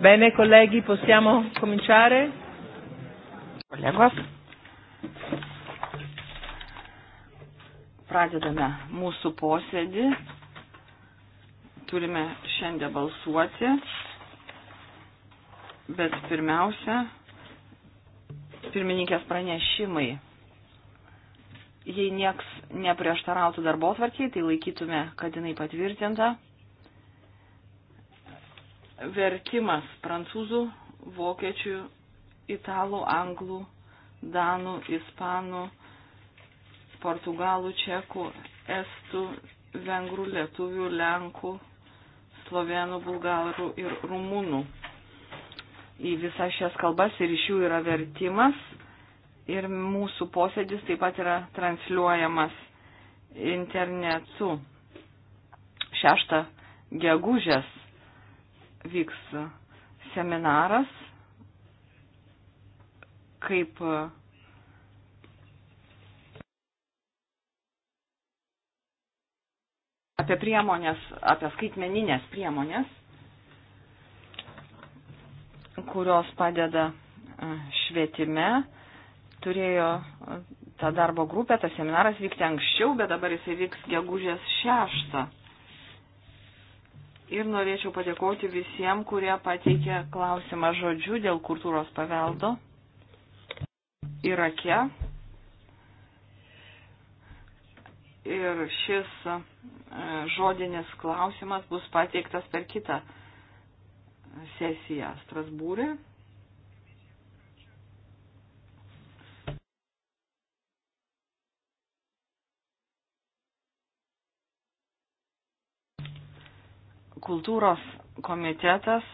Bene, colleghi, possiamo cominciare? Kolegos, pradedame mūsų posėdį. Turime šiandien balsuoti, bet pirmiausia, pirmininkės pranešimai. Jei nieks neprieštarautų darbo tvarkiai, tai laikytume, kad jinai patvirtinta vertimas prancūzų, vokiečių, italų, anglų, danų, ispanų, portugalų, čekų, estų, vengrų, lietuvių, lenkų, slovenų, bulgarų ir rumunų. Į visas šias kalbas ir iš jų yra vertimas ir mūsų posėdis taip pat yra transliuojamas internetu. 6 gegužės vyks seminaras, kaip apie priemonės, apie skaitmeninės priemonės, kurios padeda e, švietime. Turėjo e, ta darbo grupė, tas seminaras vykti anksčiau, bet dabar jisai vyks gegužės šeštą ir norėčiau padėkoti visiems, kurie pateikė klausimą žodžiu dėl kultūros paveldo Irake. Ir šis e, žodinis klausimas bus pateiktas per kitą sesiją Strasbūrė. kultūros komitetas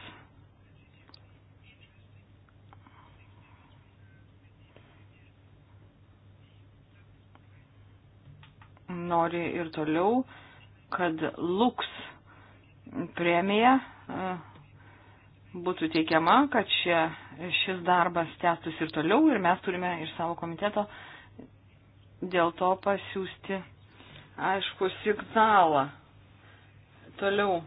nori ir toliau, kad Lux premija e, būtų teikiama, kad šie, šis darbas tęstųsi ir toliau ir mes turime iš savo komiteto dėl to pasiūsti aišku signalą. Toliau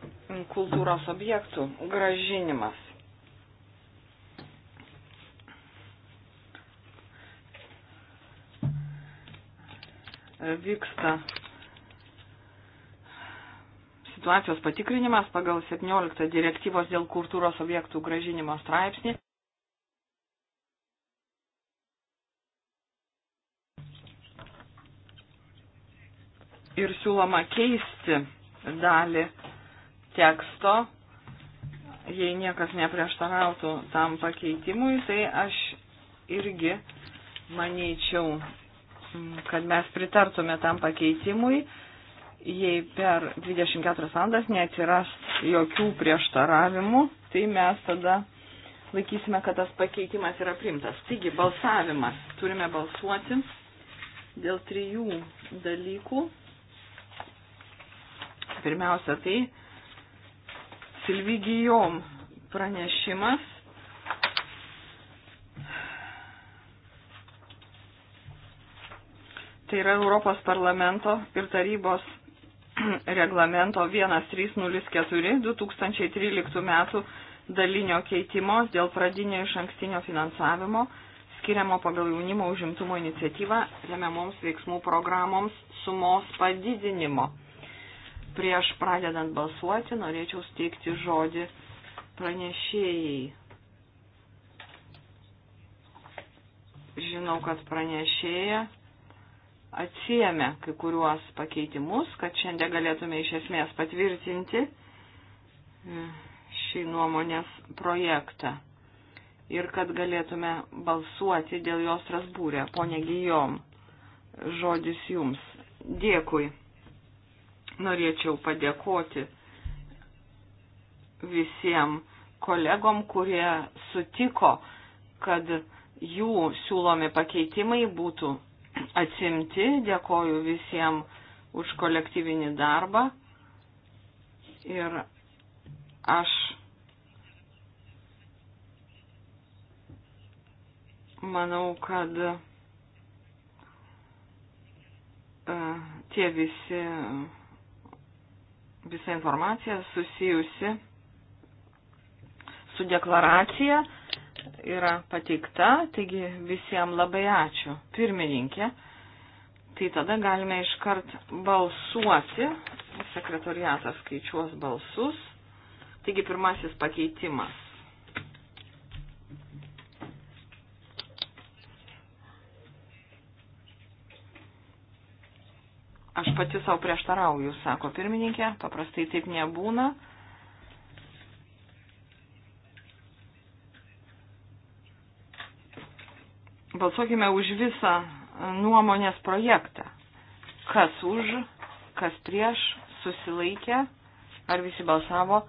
kultūros objektų gražinimas. Vyksta situacijos patikrinimas pagal 17 direktyvos dėl kultūros objektų gražinimo straipsnį. Ir siūloma keisti dalį teksto, jei niekas neprieštarautų tam pakeitimui, tai aš irgi manyčiau, mm, kad mes pritartume tam pakeitimui, jei per 24 valandas neatsiras jokių prieštaravimų, tai mes tada laikysime, kad tas pakeitimas yra primtas. Taigi, balsavimas. Turime balsuoti dėl trijų dalykų. Pirmiausia, tai Silvigijom pranešimas. Tai yra Europos parlamento ir tarybos reglamento 1304-2013 metų dalinio keitimo dėl pradinio iš ankstinio finansavimo skiriamo pagal jaunimo užimtumo iniciatyvą remiamoms veiksmų programoms sumos padidinimo prieš pradedant balsuoti norėčiau steigti žodį pranešėjai. Žinau, kad pranešėja atsijėmė kai kuriuos pakeitimus, kad šiandien galėtume iš esmės patvirtinti e, šį nuomonės projektą ir kad galėtume balsuoti dėl jos rasbūrę. Pone Gijom, žodis jums. Dėkui norėčiau padėkoti visiems kolegom, kurie sutiko, kad jų siūlomi pakeitimai būtų atsimti. Dėkoju visiems už kolektyvinį darbą. Ir aš manau, kad e, tie visi visa informacija susijusi su deklaracija yra pateikta, taigi visiems labai ačiū. Pirmininkė, tai tada galime iškart balsuoti, sekretoriatas skaičiuos balsus, taigi pirmasis pakeitimas. Aš pati savo prieštarauju, sako pirmininkė, paprastai taip nebūna. Balsuokime už visą nuomonės projektą. Kas už, kas prieš, susilaikė, ar visi balsavo.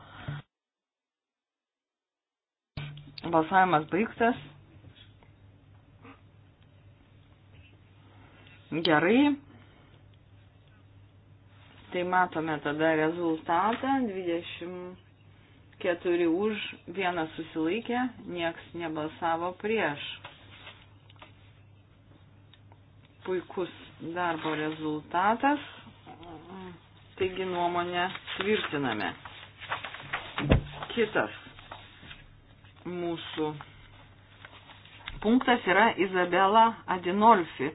Balsavimas baigtas. Gerai. Tai matome tada rezultatą. 24 už, vienas susilaikė, nieks nebalsavo prieš. Puikus darbo rezultatas. Taigi nuomonę tvirtiname. Kitas mūsų punktas yra Izabela Adinolfi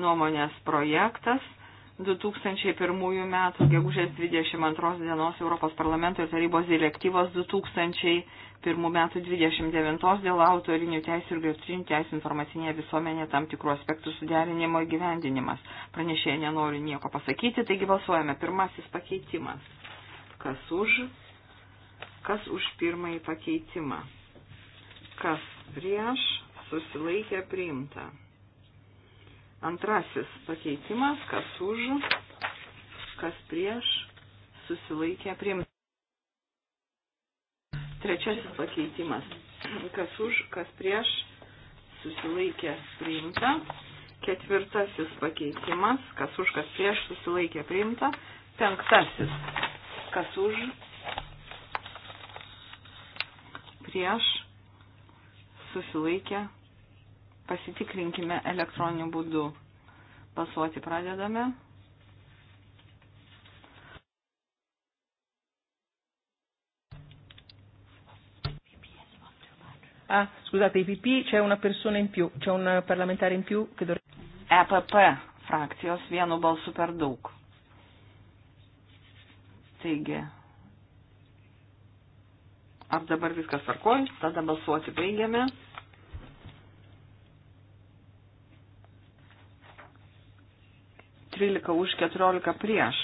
nuomonės projektas 2001 metų gegužės 22 dienos Europos parlamento ir tarybos direktyvos 2001 metų 29 dėl autorinių teisų ir grėsinių teisų informacinėje visuomenėje tam tikrų aspektų suderinimo įgyvendinimas. Pranešėjai nenori nieko pasakyti, taigi balsuojame. Pirmasis pakeitimas. Kas už? Kas už pirmąjį pakeitimą? Kas prieš? Susilaikė priimta. Antrasis pakeitimas, kas už, kas prieš, susilaikė priimti. Trečiasis pakeitimas, kas už, kas prieš, susilaikė priimta. Ketvirtasis pakeitimas, kas už, kas prieš, susilaikė priimta. Penktasis, kas už, prieš, susilaikė priimta Pasitikrinkime elektroniniu būdu. Pasuoti pradedame. Ah, scusate, i PP c'è una persona in più, c'è un parlamentare in più che dovrebbe... EPP frakcijos vienu balsu per daug. Taigi, ar dabar viskas tvarkoj, tada balsuoti baigiame. 13 už 14 prieš.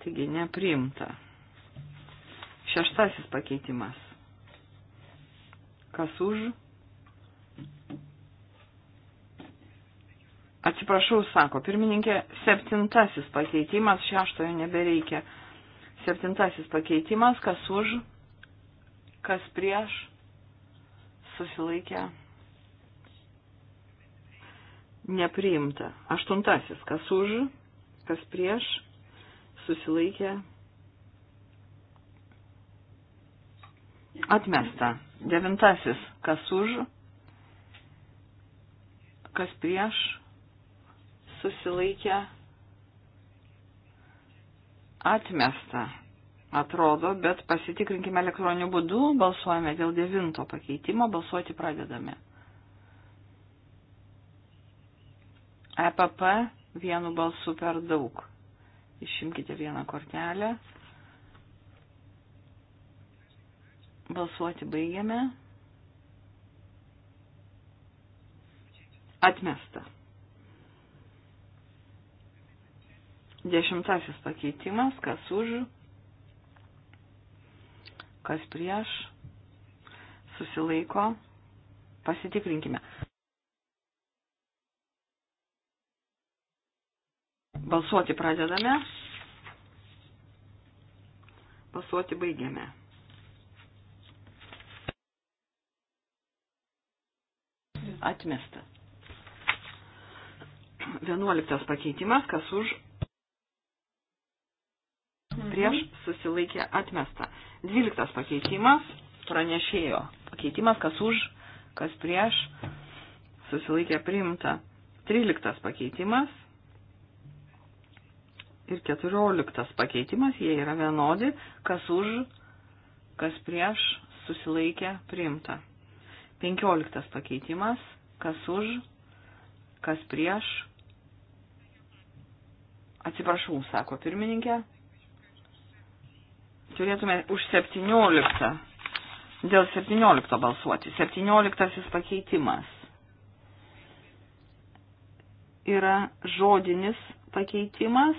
Taigi nepriimta. Šeštasis pakeitimas. Kas už? Atsiprašau, sako pirmininkė, septintasis pakeitimas, šeštojo nebereikia. Septintasis pakeitimas, kas už, kas prieš, susilaikė nepriimta. Aštuntasis, kas už, kas prieš, susilaikė, atmesta. Devintasis, kas už, kas prieš, susilaikė, atmesta. Atrodo, bet pasitikrinkime elektroniniu būdu, balsuojame dėl devinto pakeitimo, balsuoti pradedame. EPP vienu balsu per daug. Išimkite vieną kortelę. Balsuoti baigiame. Atmesta. Dešimtasis pakeitimas, kas už, kas prieš, susilaiko, pasitikrinkime. Balsuoti pradedame. Balsuoti baigiame. Atmesta. Vienuoliktas pakeitimas, kas už prieš susilaikė atmesta. Dvyliktas pakeitimas, pranešėjo pakeitimas, kas už, kas prieš susilaikė priimta. Tryliktas pakeitimas, ir 14 pakeitimas, jie yra vienodi, kas už, kas prieš, susilaikė, priimta. 15 pakeitimas, kas už, kas prieš. Atsiprašau, sako pirmininkė. Turėtume už 17. Dėl 17 balsuoti. 17 pakeitimas. Yra žodinis pakeitimas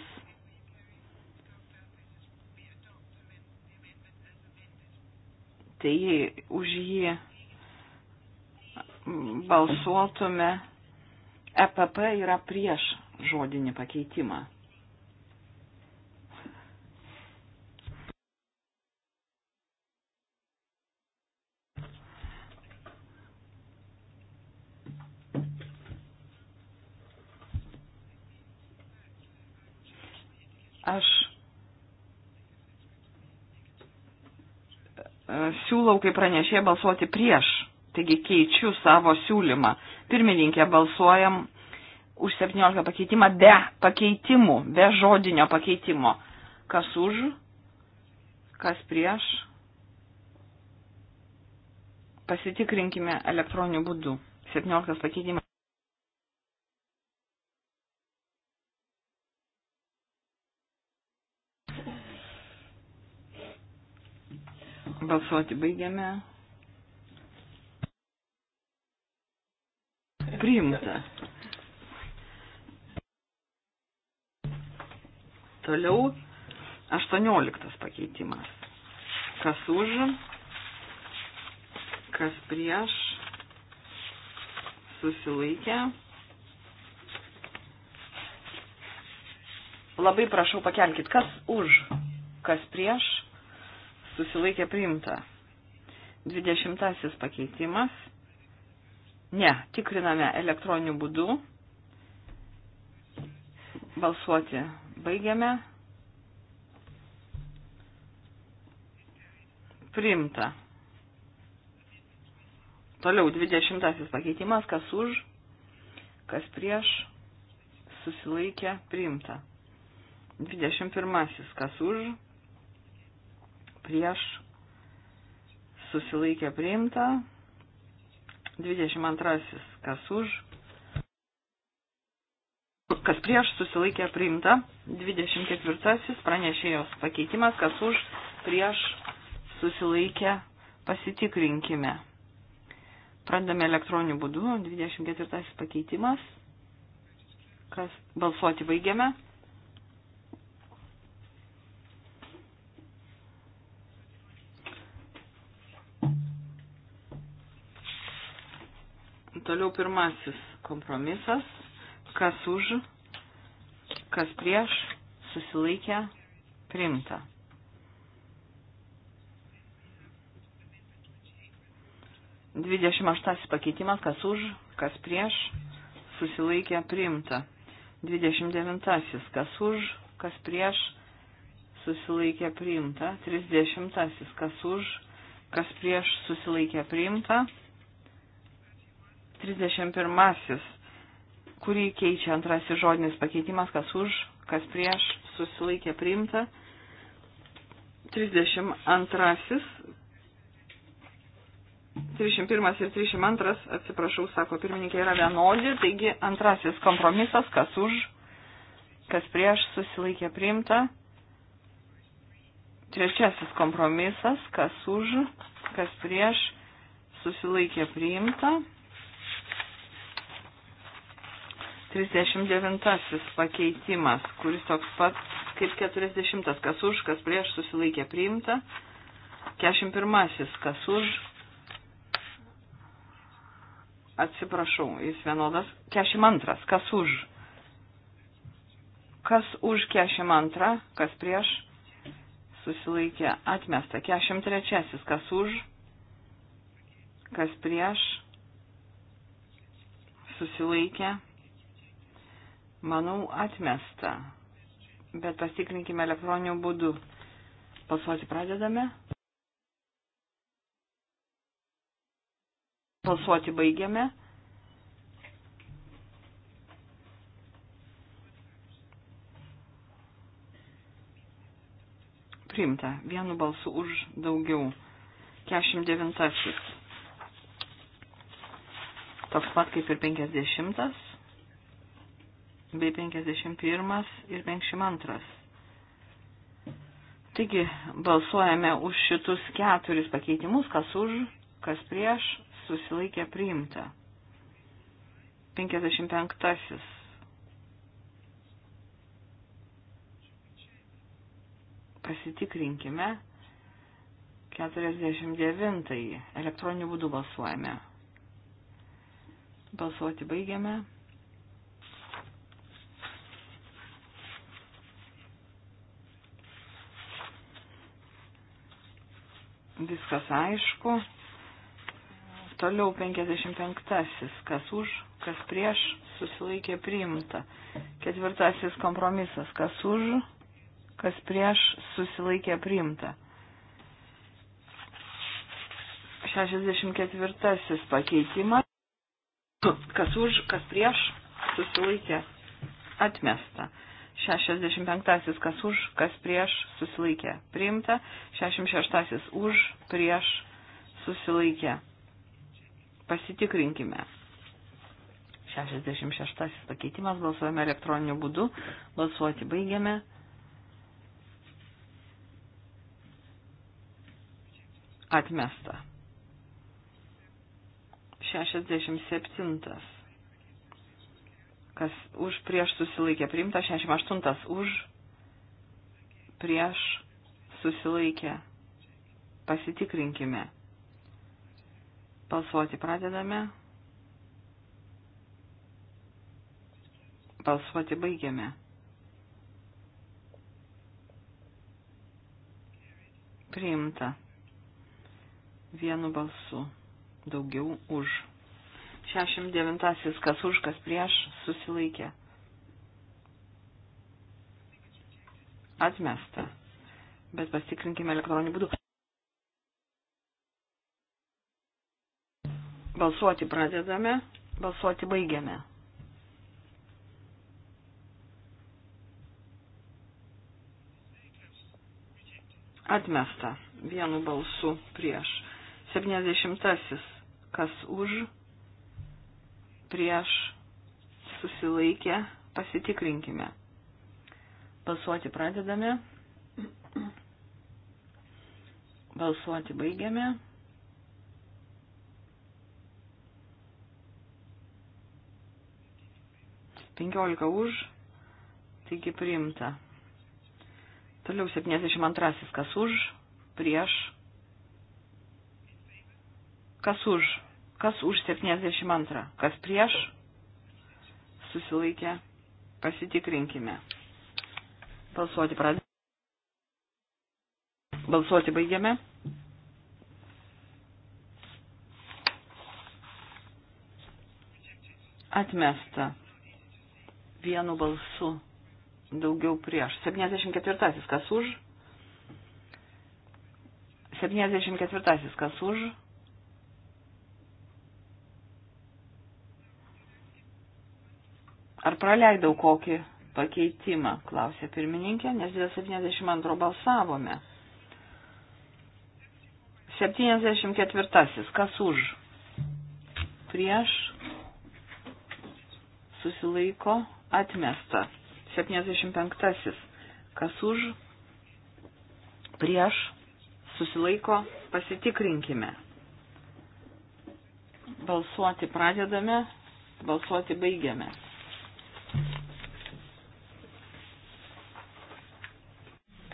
tai už jį balsuotume, EPP yra prieš žodinį pakeitimą. Aš E, siūlau kaip pranešė balsuoti prieš, taigi keičiu savo siūlymą. Pirmininkė, balsuojam už 17 pakeitimą be pakeitimų, be žodinio pakeitimo. Kas už, kas prieš. Pasitikrinkime elektroniniu būdu. 17 pakeitimas. Balsuoti baigiame. Priimta. Toliau 18 pakeitimas. Kas už, kas prieš, susilaikę. Labai prašau pakelkit, kas už, kas prieš, susilaikė priimta. Dvidešimtasis pakeitimas. Ne, tikriname elektroniniu būdu. Balsuoti baigiame. Priimta. Toliau dvidešimtasis pakeitimas, kas už, kas prieš, susilaikė, priimta. Dvidešimt pirmasis, kas už, prieš susilaikė priimta. 22. Kas už? Kas prieš susilaikė priimta. 24. Pranešėjos pakeitimas. Kas už? Prieš susilaikė pasitikrinkime. Pradame elektroniniu būdu. 24. pakeitimas. Kas balsuoti baigiame. Toliau pirmasis kompromisas. Kas už, kas prieš, susilaikę, primta. Dvidešimt aštasis pakeitimas, kas už, kas prieš, susilaikė, primta. Dvidešimt devintasis, kas už, kas prieš, susilaikė, primta. Trisdešimtasis, kas už, kas prieš, susilaikė, primta. 31, kurį keičia antrasis žodinis pakeitimas, kas už, kas prieš, susilaikė priimta. 32, 31 ir 32, atsiprašau, sako pirmininkė, yra vienodi, taigi antrasis kompromisas, kas už, kas prieš, susilaikė priimta. Trečiasis kompromisas, kas už, kas prieš, susilaikė priimta. 39 pakeitimas, kuris toks pat kaip 40, kas už, kas prieš susilaikė priimta. 41, kas už. Atsiprašau, jis vienodas. 42, kas už. Kas už 42, kas prieš susilaikė atmesta. 43, kas už, kas prieš susilaikė atmesta manau, atmesta. Bet pasikrinkime elektroniniu būdu. Balsuoti pradedame. Balsuoti baigiame. Primta. Vienu balsu už daugiau. 49. Toks pat kaip ir 50 bei 51 ir 52. Taigi balsuojame už šitus keturis pakeitimus, kas už, kas prieš, susilaikė priimta. 55. Pasitikrinkime. 49. Elektroniniu būdu balsuojame. Balsuoti baigiame. Viskas aišku. Toliau 55-asis. Kas už, kas prieš, susilaikė priimta. Ketvirtasis kompromisas. Kas už, kas prieš, susilaikė priimta. 64-asis pakeitimas. Kas už, kas prieš, susilaikė atmesta. 65 kas už, kas prieš susilaikė priimta, 66 už, prieš susilaikė. Pasitikrinkime. 66 pakeitimas balsuojame elektroniniu būdu, balsuoti baigiame. Atmesta. 67 kas už prieš susilaikė priimta, 68 už prieš susilaikė. Pasitikrinkime. Balsuoti pradedame. Balsuoti baigiame. Priimta. Vienu balsu. Daugiau už. 69 kas už, kas prieš susilaikė. Atmesta. Bet pasitikrinkime elektroninį būdų. Balsuoti pradedame, balsuoti baigiame. Atmesta vienu balsu prieš. 70. Kas už? prieš susilaikę pasitikrinkime. Balsuoti pradedame. Balsuoti baigiame. Penkiolika už, taigi priimta. Toliau 72 kas už, prieš, kas už. Kas už 72? Kas prieš? Susilaikė. Pasitikrinkime. Balsuoti pradėsime. Balsuoti baigiame. Atmesta. Vienu balsu. Daugiau prieš. 74. Kas už? 74. Kas už? Ar praleidau kokį pakeitimą, klausė pirmininkė, nes dėl 72 balsavome. 74. Kas už? Prieš susilaiko atmesta. 75. Kas už? Prieš susilaiko pasitikrinkime. Balsuoti pradedame, balsuoti baigiame.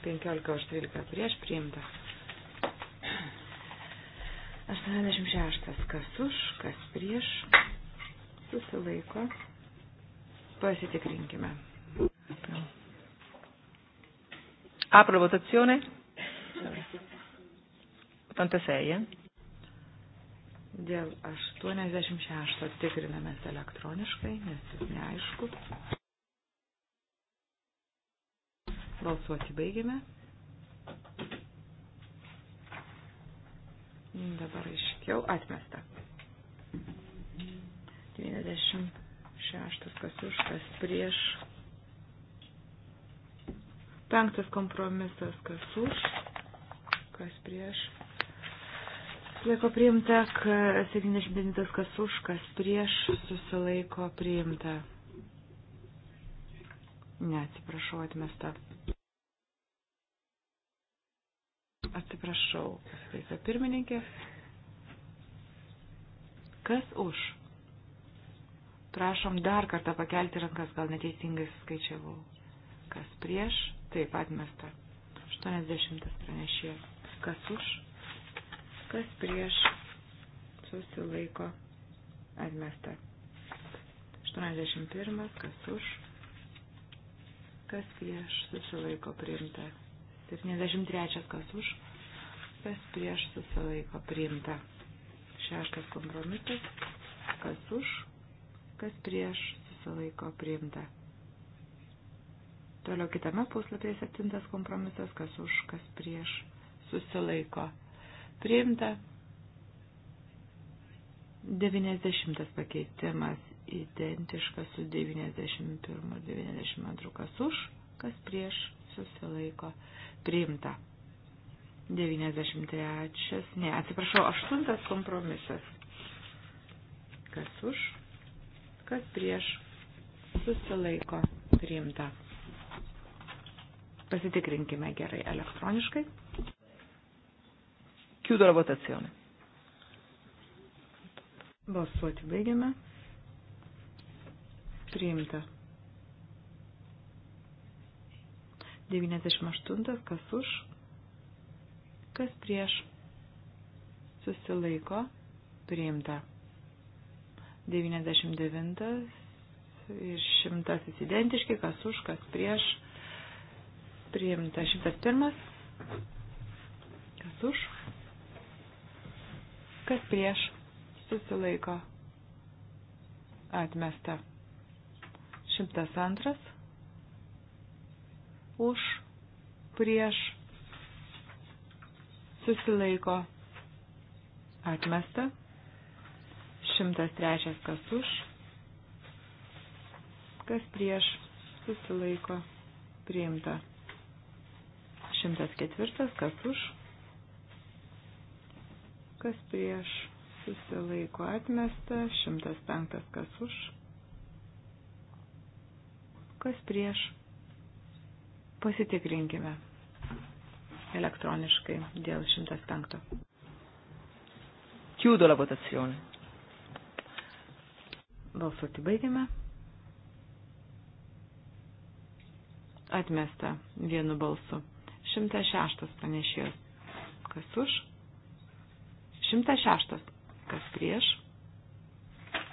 15 už 13 prieš priimta. 86. Kas už, kas prieš, susilaiko. Pasitikrinkime. Apro votazione. 86. Eh? Dėl 86 tikrinamės elektroniškai, nes jis neaišku. Balsuoti baigiame. Mm, dabar aiškiau atmesta. 96 kas už, kas prieš. Penktas kompromisas, kas už, kas prieš. Laiko priimta, 79 kas už, kas prieš, susilaiko priimta. Ne, atsiprašau, atmesta. Atsiprašau, pasitaisa pirmininkė. Kas už? Prašom dar kartą pakelti rankas, gal neteisingai skaičiavau. Kas prieš? Taip, atmesta. 80 pranešėjas. Kas už? Kas prieš? Susilaiko. Atmesta. 81. Kas už? kas prieš susilaiko priimta. 73 kas už, kas prieš susilaiko priimta. Šeštas kompromisas, kas už, kas prieš susilaiko priimta. Toliau kitame puslapyje septintas kompromisas, kas už, kas prieš susilaiko priimta. 90 pakeitimas identiškas su 91 ir 92, kas už, kas prieš, susilaiko, priimta. 93, ne, atsiprašau, 8 kompromisas. Kas už, kas prieš, susilaiko, priimta. Pasitikrinkime gerai elektroniškai. Chiudo la votazione. Balsuoti baigiame priimta. 98. Kas už, kas prieš, susilaiko, priimta. 99 ir 100 identiški, kas už, kas prieš, priimta. 101. Kas už, kas prieš, susilaiko, atmesta. 102 už prieš susilaiko atmesta. 103 kas už, kas prieš susilaiko priimta. 104 kas už, kas prieš susilaiko atmesta. 105 kas už kas prieš. Pasitikrinkime elektroniškai dėl 105. Chiudo la votazione. Balsuoti baigiame. Atmesta vienu balsu. 106 pranešėjos. Kas už? 106. Kas prieš?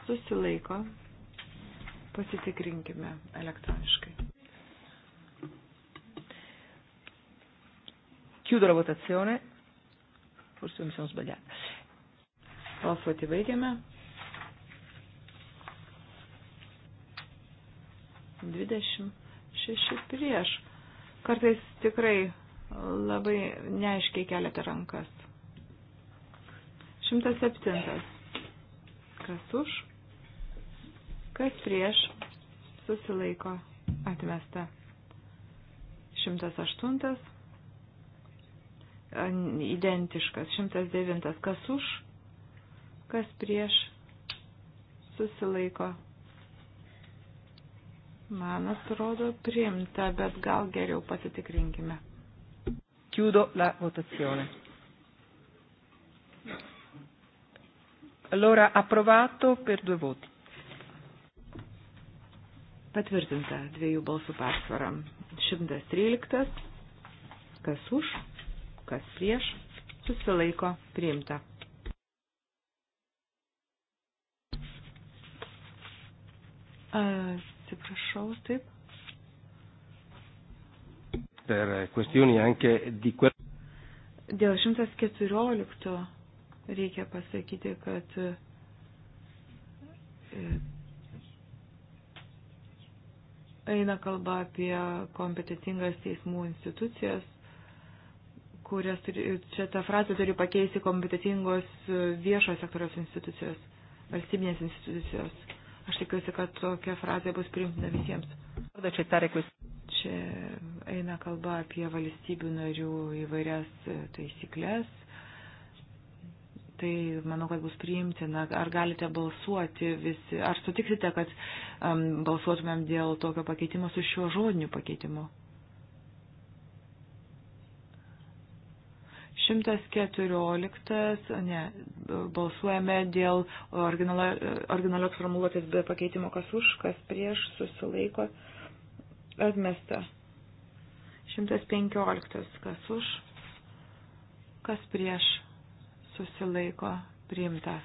Susilaiko Pasitikrinkime elektroniškai. Chiudo la votazione. Forse mi sono sbagliata. Balsuoti baigiame. 26 prieš. Kartais tikrai labai neaiškiai keliate rankas. 107. Kas už? Kas prieš susilaiko atmesta. 108. Identiškas. 109. Kas už, kas prieš susilaiko. Man atrodo priimta, bet gal geriau pasitikrinkime. Chiudo la votazione. Allora approvato per due voti. Patvirtinta dviejų balsų persvara. 113. Kas už, kas prieš, susilaiko priimta. Atsiprašau, taip. Per kvestijonį anke di quel... Dėl 114 reikia pasakyti, kad e, Eina kalba apie kompetitingas teismų institucijas, kurias turi, čia tą frazę turi pakeisti kompetitingos viešo sektoriaus institucijos, valstybinės institucijos. Aš tikiuosi, kad tokia frazė bus priimtina visiems. Čia eina kalba apie valstybių narių įvairias taisyklės tai manau, kad bus priimtina. Ar galite balsuoti visi, ar sutiksite, kad um, balsuotumėm dėl tokio pakeitimo su šiuo žodiniu pakeitimu? 114, ne, balsuojame dėl originalios formuluotės be pakeitimo, kas už, kas prieš, susilaiko, atmesta. 115, kas už, kas prieš, susilaiko priimta.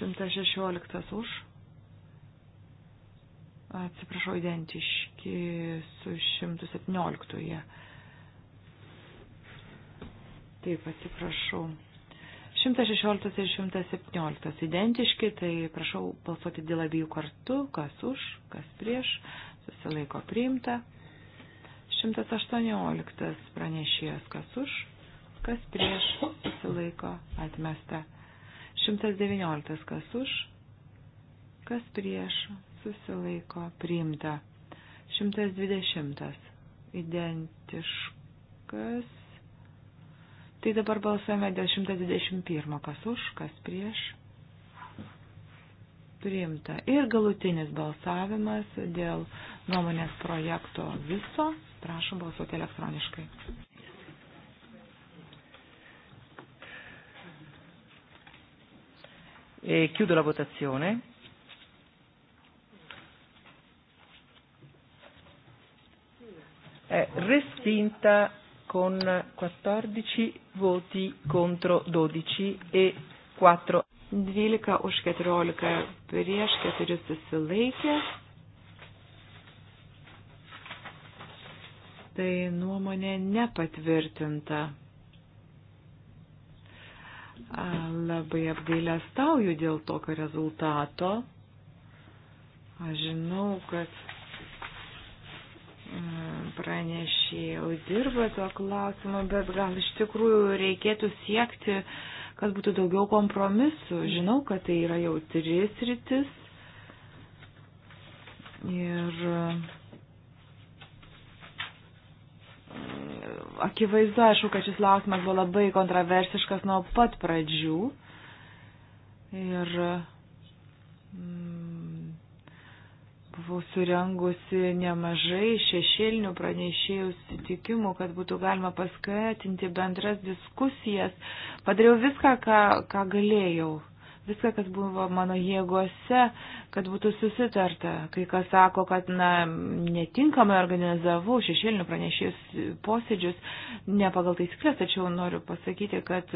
116 už. Atsiprašau, identiški su 117. Jie. Taip, atsiprašau. 116 ir 117 identiški, tai prašau balsuoti dėl abiejų kartu, kas už, kas prieš, susilaiko priimta. 118 pranešėjas, kas už, kas prieš susilaiko atmesta. 119 kas už, kas prieš susilaiko priimta. 120 identiškas. Tai dabar balsuojame dėl 121 kas už, kas prieš priimta. Ir galutinis balsavimas dėl nuomonės projekto viso. Prašom balsuoti elektroniškai. E chiudo la votazione. È respinta con 14 voti contro 12 e 4. 12 už 14 prieš 4 susilaikė. Tai nuomonė nepatvirtinta. Labai apgailę stauju dėl tokio rezultato. Aš žinau, kad mm, pranešėjau dirba to klausimu, bet gal iš tikrųjų reikėtų siekti, kad būtų daugiau kompromisų. Žinau, kad tai yra jau tris rytis. Ir akivaizdu, aišku, kad šis klausimas buvo labai kontroversiškas nuo pat pradžių. Ir mm, buvau surengusi nemažai šešėlinių pranešėjų sutikimų, kad būtų galima paskatinti bendras diskusijas. Padariau viską, ką, ką galėjau viską, kas buvo mano jėgose, kad būtų susitarta. Kai kas sako, kad na, netinkamai organizavau šešėlinių pranešėjus posėdžius, ne pagal taisyklės, tačiau noriu pasakyti, kad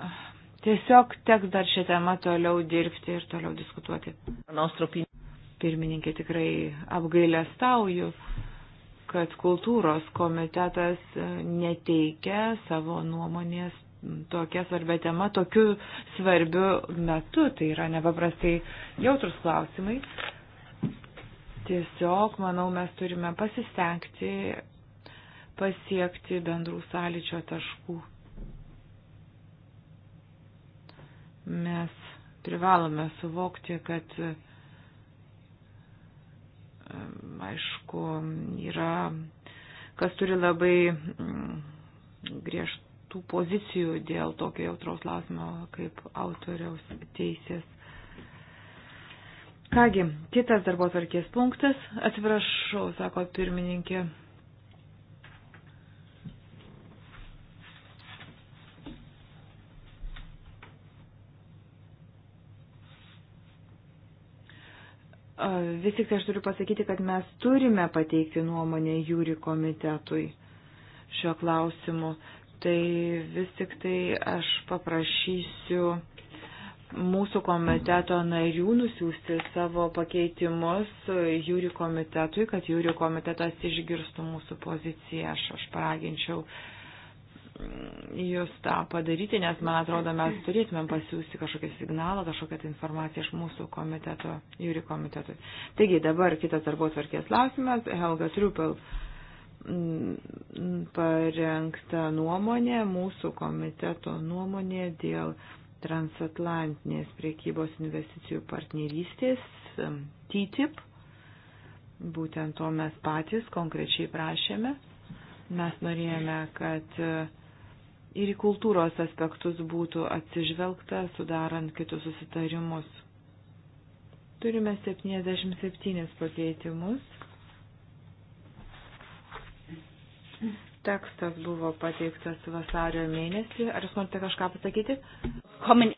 ah, tiesiog teks dar šią temą toliau dirbti ir toliau diskutuoti. Pirmininkė tikrai apgailę stauju kad kultūros komitetas eh, neteikia savo nuomonės tokia svarbia tema, tokiu svarbiu metu. Tai yra nepaprastai jautrus klausimai. Tiesiog, manau, mes turime pasistengti pasiekti bendrų sąlyčio taškų. Mes privalome suvokti, kad aišku, yra, kas turi labai griežtą tų pozicijų dėl tokio jautraus klausimo kaip autoriaus teisės. Kągi, kitas darbo tvarkės punktas, atsiprašau, sako pirmininkė. Vis tik tai aš turiu pasakyti, kad mes turime pateikti nuomonę jūri komitetui šio klausimu tai vis tik tai aš paprašysiu mūsų komiteto narių nusiųsti savo pakeitimus jūrių komitetui, kad jūrių komitetas išgirstų mūsų poziciją. Aš, aš paraginčiau jūs tą padaryti, nes, man atrodo, mes turėtumėm pasiūsti kažkokį signalą, kažkokią tai informaciją iš mūsų komiteto, jūrių komitetui. Taigi, dabar kitas darbo tvarkės klausimas. Helga Triupel Mm, parengta nuomonė, mūsų komiteto nuomonė dėl transatlantinės priekybos investicijų partnerystės mm, TTIP. Būtent to mes patys konkrečiai prašėme. Mes norėjome, kad e, ir į kultūros aspektus būtų atsižvelgta, sudarant kitus susitarimus. Turime 77 pakeitimus Tekstas buvo pateiktas vasario mėnesį. Ar jūs norite kažką pasakyti? Komin.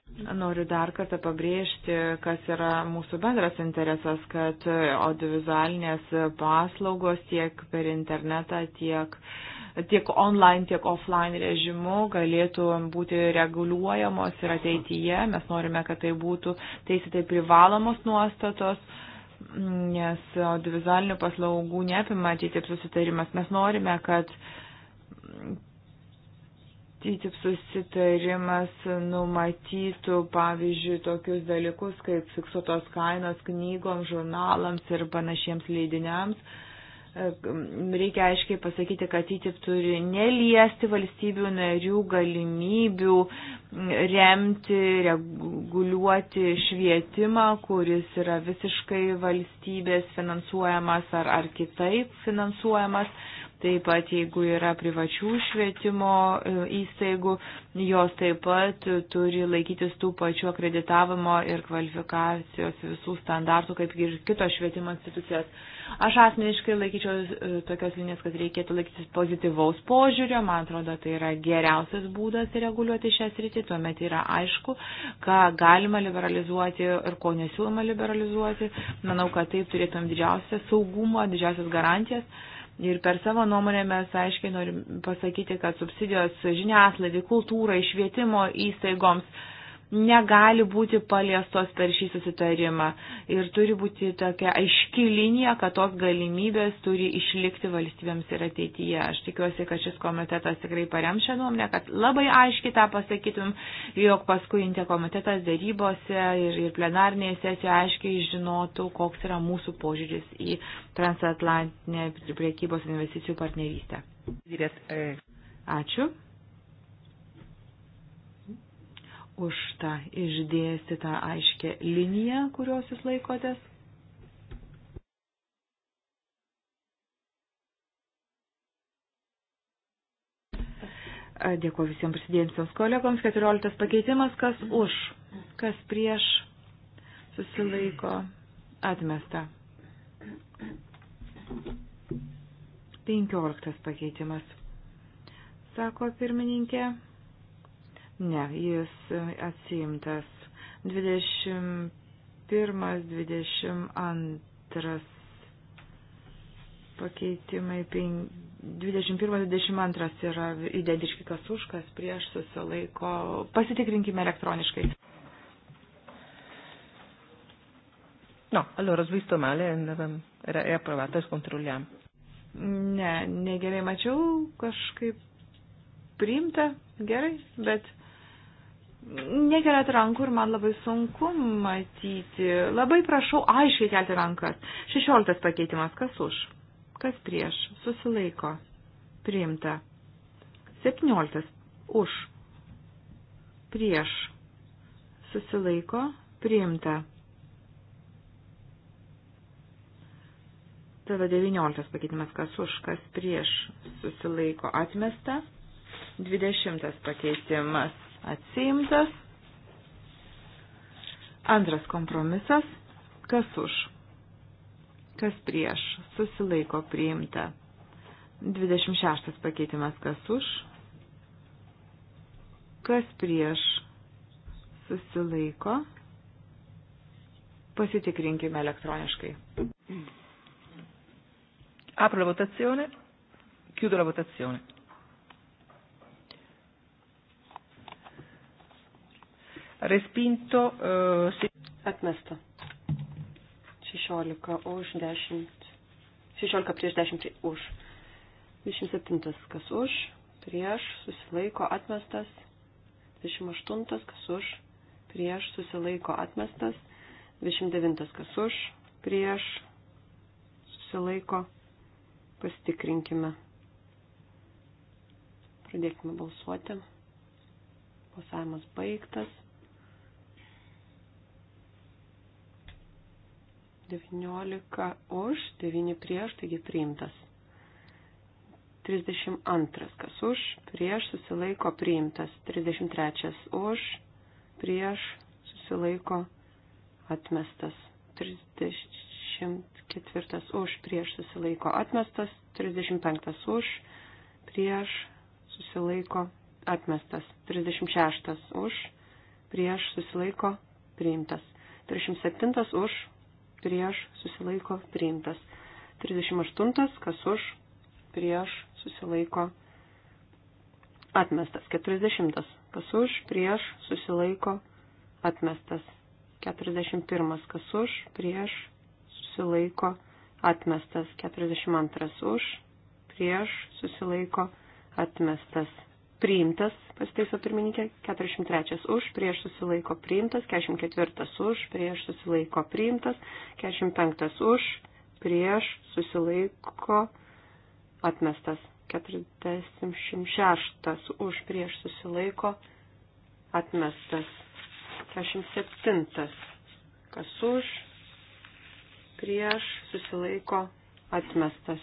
Noriu dar kartą pabrėžti, kas yra mūsų bendras interesas, kad audiovizualinės paslaugos tiek per internetą, tiek uh, tiek online, tiek offline režimu galėtų būti reguliuojamos ir ateityje. Mes norime, kad tai būtų teisėtai privalomos nuostatos. Uh, nes audiovizualinių paslaugų neapima TTIP susitarimas. Mes norime, kad TTIP susitarimas numatytų, pavyzdžiui, tokius dalykus kaip fiksuotos kainos knygom, žurnalams ir panašiems leidiniams E, reikia aiškiai pasakyti, kad įtip turi neliesti valstybių narių galimybių remti, reguliuoti švietimą, kuris yra visiškai valstybės finansuojamas ar, ar kitaip finansuojamas. Taip pat, jeigu yra privačių švietimo e, įstaigų, jos taip pat turi laikytis tų pačių akreditavimo ir kvalifikacijos visų standartų, kaip ir kitos švietimo institucijos. Aš asmeniškai laikyčiau e, tokios linijos, kad reikėtų laikytis pozityvaus požiūrio. Man atrodo, tai yra geriausias būdas reguliuoti šią sritį. Tuomet yra aišku, ką galima liberalizuoti ir ko nesiūloma liberalizuoti. Manau, kad taip turėtum didžiausią saugumą, didžiausias garantijas Ir per savo nuomonę mes aiškiai norim pasakyti, kad subsidijos žiniaslaidai, kultūrai, švietimo įstaigoms negali būti paliestos per šį susitarimą. Ir turi būti tokia aiški linija, kad tos galimybės turi išlikti valstybėms ir ateityje. Aš tikiuosi, kad šis komitetas tikrai parem šią nuomonę, kad labai aiškiai tą pasakytum, jog paskui Intė komitetas darybose ir, ir plenarnėje sesijoje aiškiai žinotų, koks yra mūsų požiūris į transatlantinę priekybos investicijų partnerystę. Eh. Ačiū. už tą išdėstytą aiškę liniją, kurios jūs laikotės. Dėkuoju visiems prisidėjusiems kolegoms. 14 pakeitimas, kas už, kas prieš, susilaiko, atmesta. 15 pakeitimas. Sako pirmininkė. Ne, jis atsiimtas. 21, 22 pakeitimai 21-22 yra identiški kas už, kas prieš susilaiko. Pasitikrinkime elektroniškai. No, allora svisto male, andavam, era, era provatas, kontroliam. Ne, negerai mačiau, kažkaip priimta, gerai, bet nekerat rankų ir man labai sunku matyti. Labai prašau aiškiai kelti rankas. Šešioliktas pakeitimas. Kas už? Kas prieš? Susilaiko. Priimta. Septynioliktas. Už. Prieš. Susilaiko. Priimta. Tada 19 pakeitimas, kas už, kas prieš susilaiko atmesta. 20 pakeitimas, Atsiimtas. Antras kompromisas. Kas už? Kas prieš? Susilaiko priimta. 26 pakeitimas. Kas už? Kas prieš? Susilaiko. Pasitikrinkime elektroniškai. Apro la votazione. Chiudo la votazione. respinto. Uh, se... Atmesta. 16 už 10. 16 prieš 10 už. 27 kas už, prieš, susilaiko atmestas. 28 kas už, prieš, susilaiko atmestas. 29 kas už, prieš, susilaiko. Pasitikrinkime. Pradėkime balsuoti. Balsavimas baigtas. 19 už, 9 prieš, taigi priimtas. 32 kas už, prieš susilaiko priimtas. 33 už, prieš susilaiko atmestas. 34 už, prieš susilaiko atmestas. 35 už, prieš susilaiko atmestas. 36 už, prieš susilaiko priimtas. 37 už, prieš susilaiko priimtas. 38. Kas už prieš susilaiko atmestas. 40. Kas už prieš susilaiko atmestas. 41. Kas už prieš susilaiko atmestas. 42. Už prieš susilaiko atmestas priimtas, pasitaiso pirmininkė, 43 už, prieš susilaiko priimtas, 44 už, prieš susilaiko priimtas, 45 už, prieš susilaiko atmestas, 46 už, prieš susilaiko atmestas, 47 kas už, prieš susilaiko atmestas, 48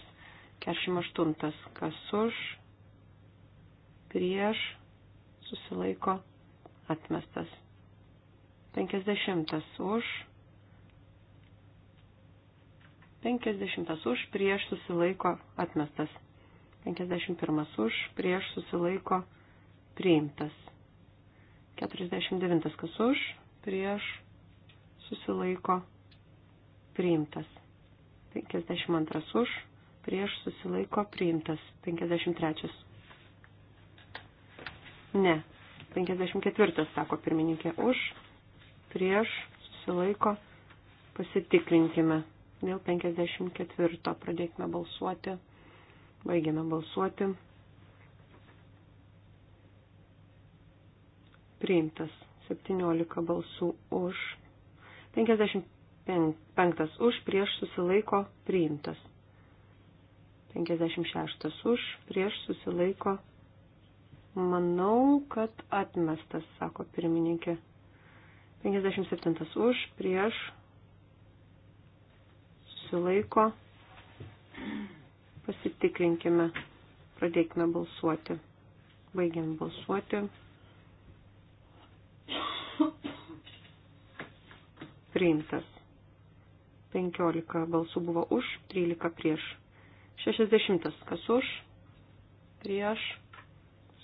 kas už, prieš, susilaiko, atmestas. 50 už, 50 už, prieš, susilaiko, atmestas. 51 už, prieš, susilaiko, priimtas. 49 kas už, prieš, susilaiko, priimtas. 52 už, prieš, susilaiko, priimtas. 53 Ne. 54, sako pirmininkė, už, prieš, susilaiko, pasitikrinkime. Dėl 54 pradėkime balsuoti, baigėme balsuoti. Priimtas 17 balsų už, 55 už, prieš susilaiko, priimtas. 56 už, prieš susilaiko, priimtas. Manau, kad atmestas, sako pirmininkė. 57 už, prieš, susilaiko. Pasitikrinkime, pradėkime balsuoti. Baigiam balsuoti. Priimtas. 15 balsų buvo už, 13 prieš. 60 kas už, prieš,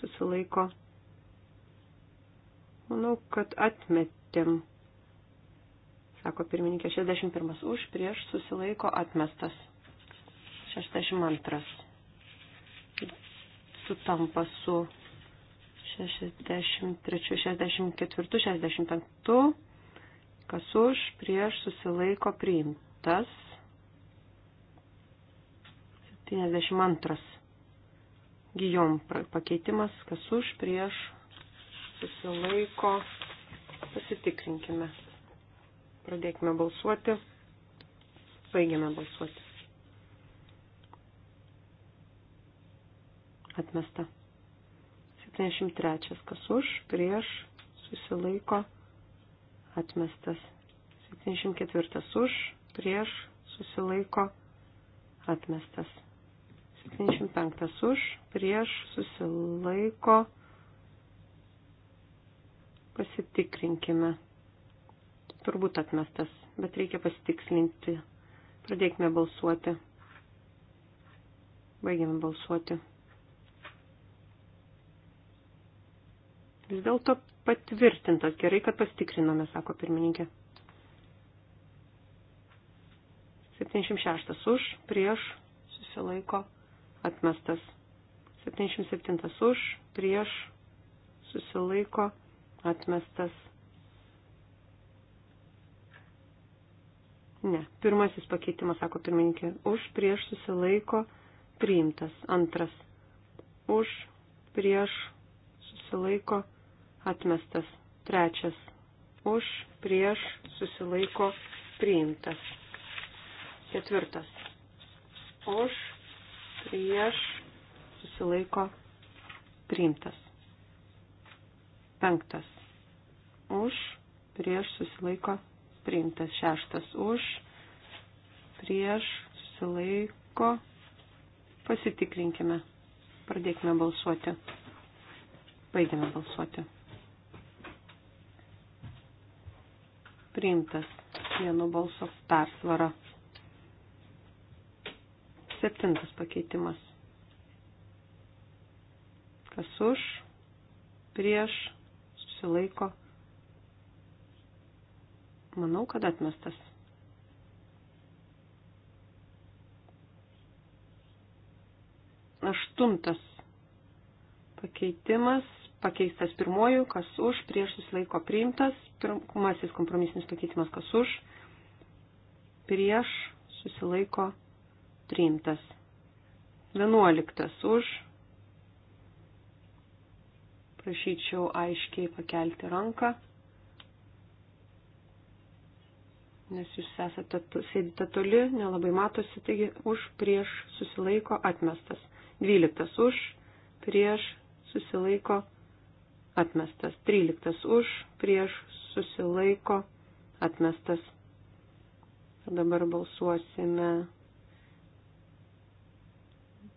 susilaiko. Manau, kad atmetėm, sako pirmininkė, 61 už, prieš susilaiko atmestas. 62 sutampa su 63, 64, 65, kas už, prieš susilaiko priimtas. 72 Gijom pakeitimas, kas už, prieš, susilaiko, pasitikrinkime. Pradėkime balsuoti, baigiame balsuoti. Atmesta. 73. Kas už, prieš, susilaiko, atmestas. 74. Už, prieš, susilaiko, atmestas. 75 už, prieš susilaiko. Pasitikrinkime. Turbūt atmestas, bet reikia pasitikslinti. Pradėkime balsuoti. Baigiame balsuoti. Vis dėlto patvirtintas. Gerai, kad pastikrinome, sako pirmininkė. 76 už, prieš, susilaiko, atmestas. 77 už, prieš, susilaiko, atmestas. Ne, pirmasis pakeitimas, sako pirmininkė, už, prieš, susilaiko, priimtas. Antras, už, prieš, susilaiko, atmestas. Trečias, už, prieš, susilaiko, priimtas. Ketvirtas, už, prieš, susilaiko, priimtas. Penktas, už, prieš, susilaiko, priimtas. Šeštas, už, prieš, susilaiko, pasitikrinkime. Pradėkime balsuoti. Baigime balsuoti. Priimtas vienu balso persvara. Septintas pakeitimas. Kas už, prieš, susilaiko. Manau, kad atmestas. Aštuntas pakeitimas pakeistas pirmojų, kas už, prieš susilaiko priimtas, pirmasis kompromisinis pakeitimas, kas už, prieš susilaiko priimtas priimtas. 11 už. Prašyčiau aiškiai pakelti ranką, nes jūs esate, sėdite toli, nelabai matosi, taigi už, prieš, susilaiko, atmestas. 12 už, prieš, susilaiko, atmestas. 13 už, prieš, susilaiko, atmestas. Dabar balsuosime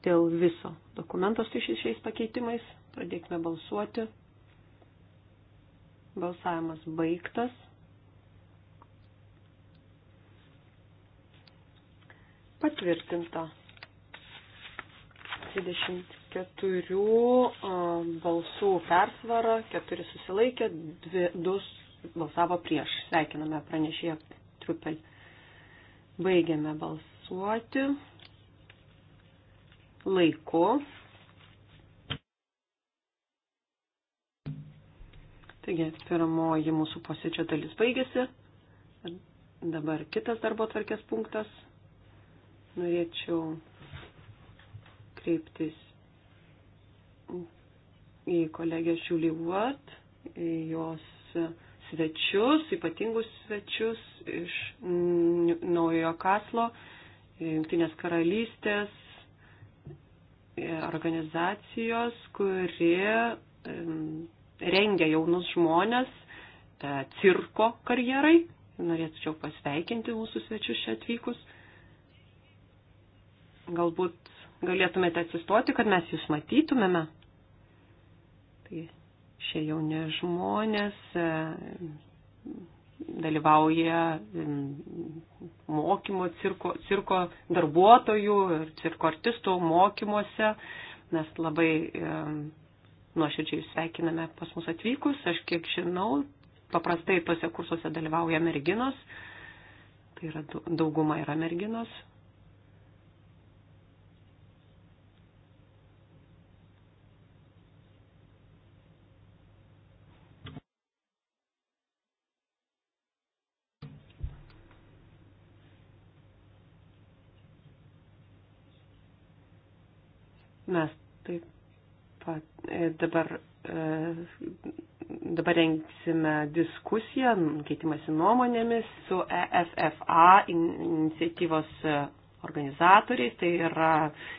dėl viso dokumento su šiais pakeitimais. Pradėkime balsuoti. Balsavimas baigtas. Patvirtinta. 24 balsų persvara, 4 susilaikė, 2 balsavo prieš. Sveikiname pranešėją Trupel. Baigiame balsuoti laiku. Taigi, pirmoji mūsų posėdžio dalis baigėsi. Dabar kitas darbo tvarkės punktas. Norėčiau kreiptis į kolegę Julie Watt, jos svečius, ypatingus svečius iš Naujojo Kaslo, Junktinės karalystės, organizacijos, kuri rengia jaunus žmonės e, cirko karjerai. Norėčiau pasveikinti mūsų svečius čia atvykus. Galbūt galėtumėte atsistoti, kad mes jūs matytumėme. Tai šie jauni žmonės e, dalyvauja mokymo cirko, cirko darbuotojų ir cirko artistų mokymuose. Mes labai nuoširdžiai sveikiname pas mus atvykus. Aš kiek žinau, paprastai tose kursuose dalyvauja merginos. Tai yra dauguma yra merginos. Mes taip pat e, dabar, e, dabar rengsime diskusiją, keitimasi nuomonėmis su EFFA iniciatyvos e, organizatoriais. Tai yra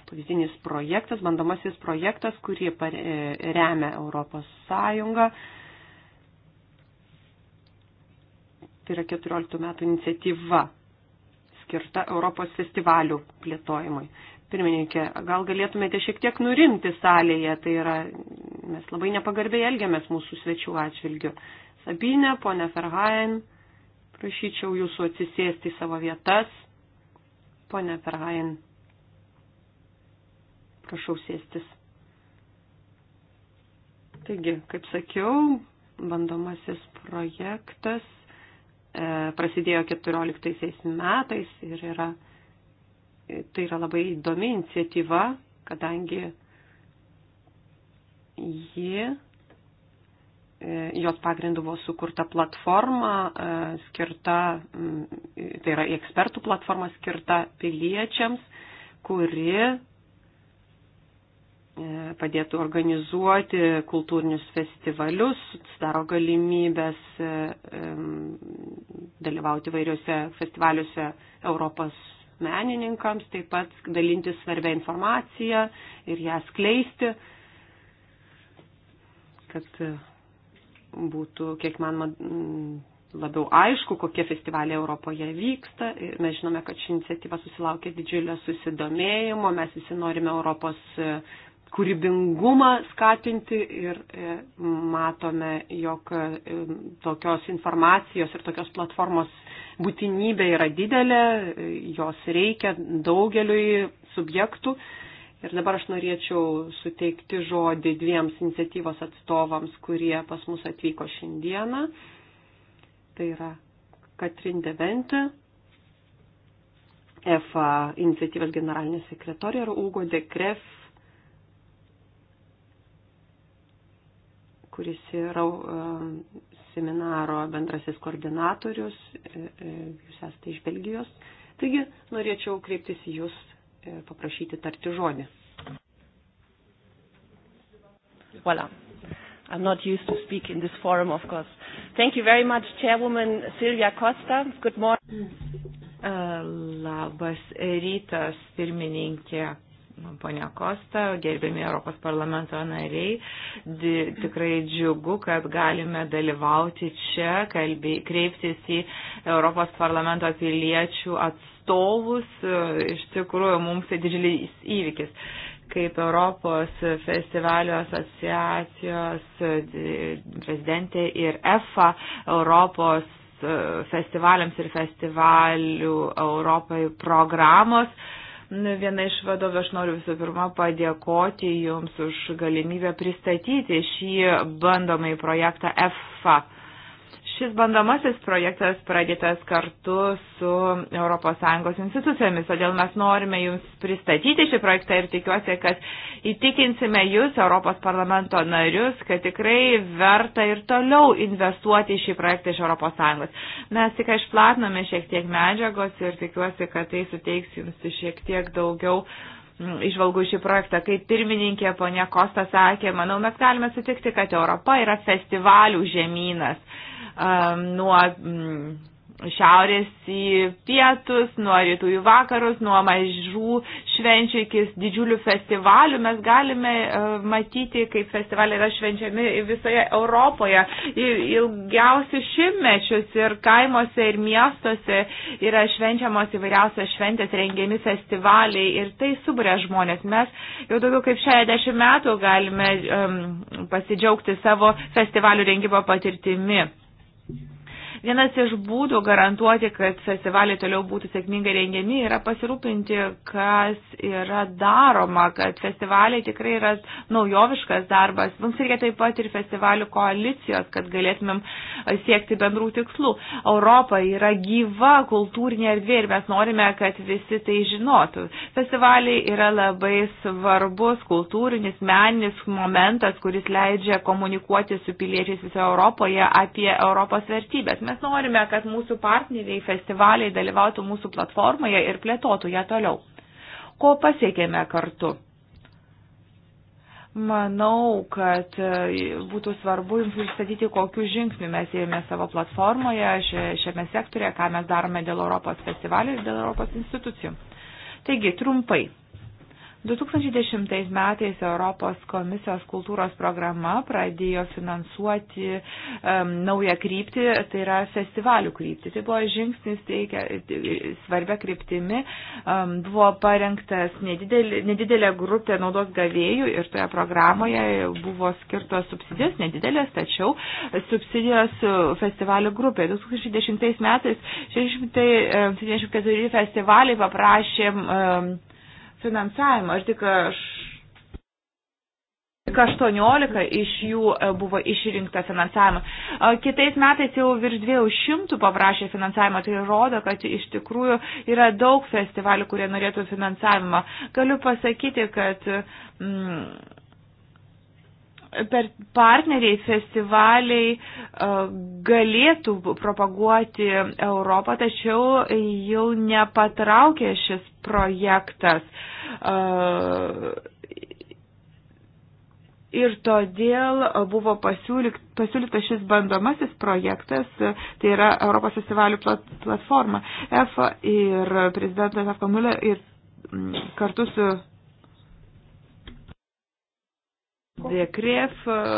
pavyzdinis projektas, bandomasis projektas, kurį remia Europos Sąjunga. Tai yra 14 metų iniciatyva skirta Europos festivalių plėtojimui. Pirmininkė, gal galėtumėte šiek tiek nurimti salėje, tai yra, mes labai nepagarbiai elgiamės mūsų svečių atžvilgiu. Sabinė, ponė Ferhain, prašyčiau jūsų atsisėsti į savo vietas. Pone Ferhain, prašau sėstis. Taigi, kaip sakiau, bandomasis projektas e, prasidėjo 14 metais ir yra tai yra labai įdomi iniciatyva, kadangi ji, e, jos pagrindu buvo sukurta platforma e, skirta, tai yra ekspertų platforma skirta piliečiams, kuri e, padėtų organizuoti kultūrinius festivalius, sudaro galimybės dalyvauti vairiuose festivaliuose Europos menininkams, taip pat dalinti svarbę informaciją ir ją skleisti, kad e, būtų kiek manoma mm, labiau aišku, kokie festivaliai Europoje vyksta. Ir mes žinome, kad ši iniciatyva susilaukė didžiulio susidomėjimo, mes visi norime Europos e, kūrybingumą skatinti ir e, matome, jog tokios informacijos ir tokios platformos būtinybė yra didelė, jos reikia daugeliui subjektų. Ir dabar aš norėčiau suteikti žodį dviems iniciatyvos atstovams, kurie pas mus atvyko šiandieną. Tai yra Katrin Deventi, EFA iniciatyvos generalinė sekretorija ir Ugo Dekref, kuris yra seminaro bendrasis koordinatorius, e, e, jūs esate iš Belgijos. Taigi norėčiau kreiptis į jūs ir e, paprašyti tarti žodį. Voilà. I'm not used to speak in this forum, of course. Thank you very much, Chairwoman Silvia Costa. Good morning. Uh, labas rytas, pirmininkė Pone Kosta, gerbiami Europos parlamento nariai, di, tikrai džiugu, kad galime dalyvauti čia, kalbė, kreiptis į Europos parlamento piliečių atstovus. Iš tikrųjų, mums tai didžiulis įvykis kaip Europos festivalio asociacijos prezidentė ir EFA Europos e, festivaliams ir festivalių Europai programos Nu, viena iš vadovų, aš noriu visų pirma padėkoti Jums už galimybę pristatyti šį bandomąjį projektą EFA. Šis bandomasis projektas pradėtas kartu su ES institucijomis, todėl mes norime Jums pristatyti šį projektą ir tikiuosi, kad įtikinsime Jūs, Europos parlamento narius, kad tikrai verta ir toliau investuoti į šį projektą iš ES. Mes tik išplatiname šiek tiek medžiagos ir tikiuosi, kad tai suteiks Jums šiek tiek daugiau išvalgų mm, šį projektą. Kaip pirmininkė ponė Kosta sakė, manau, mes galime sutikti, kad Europa yra festivalių žemynas um, nuo mm, šiaurės į pietus, nuo rytų į vakarus, nuo mažų švenčių iki didžiulių festivalių. Mes galime e, matyti, kaip festivaliai yra švenčiami visoje Europoje ilgiausius šimmečius ir kaimuose ir miestuose yra švenčiamos įvairiausios šventės, rengiami festivaliai ir tai suburia žmonės. Mes jau daugiau kaip 60 metų galime um, pasidžiaugti savo festivalių rengimo patirtimi Vienas iš būdų garantuoti, kad festivaliai toliau būtų sėkmingai rengiami, yra pasirūpinti, kas yra daroma, kad festivaliai tikrai yra naujoviškas darbas. Mums reikia taip pat ir festivalių koalicijos, kad galėtumėm e, siekti bendrų tikslų. Europa yra gyva kultūrinė erdvė ir mes norime, kad visi tai žinotų. Festivaliai yra labai svarbus kultūrinis, meninis momentas, kuris leidžia komunikuoti su piliečiais visoje Europoje apie Europos vertybės. Mes norime, kad mūsų partneriai, festivaliai dalyvautų mūsų platformoje ir plėtotų ją toliau. Ko pasiekėme kartu? Manau, kad e, būtų svarbu jums pristatyti, kokiu žingsniu mes ėjome savo platformoje šiame sektorėje, ką mes darome dėl Europos festivalių ir dėl Europos institucijų. Taigi, trumpai. 2010 metais Europos komisijos kultūros programa pradėjo finansuoti um, naują kryptį, tai yra festivalių kryptį. Tai buvo žingsnis teikia, svarbia kryptimi. Um, buvo parengtas nedidelė, nedidelė grupė naudos gavėjų ir toje programoje buvo skirtos subsidijos, nedidelės, tačiau subsidijos festivalių grupė. 2010 metais 674 festivaliai paprašė um, finansavimo. Ir tik aš. Tik 18 iš jų e, buvo išrinkta finansavimą. E, kitais metais jau virš 200 paprašė finansavimą, tai rodo, kad iš tikrųjų yra daug festivalių, kurie norėtų finansavimą. Galiu pasakyti, kad mm, per partneriai, festivaliai e, galėtų propaguoti Europą, tačiau jau nepatraukė šis projektas. E, ir todėl buvo pasiūlytas šis bandomasis projektas, tai yra Europos festivalių platforma. EFA ir prezidentas Afkamulė ir mm, kartu su Dekref e,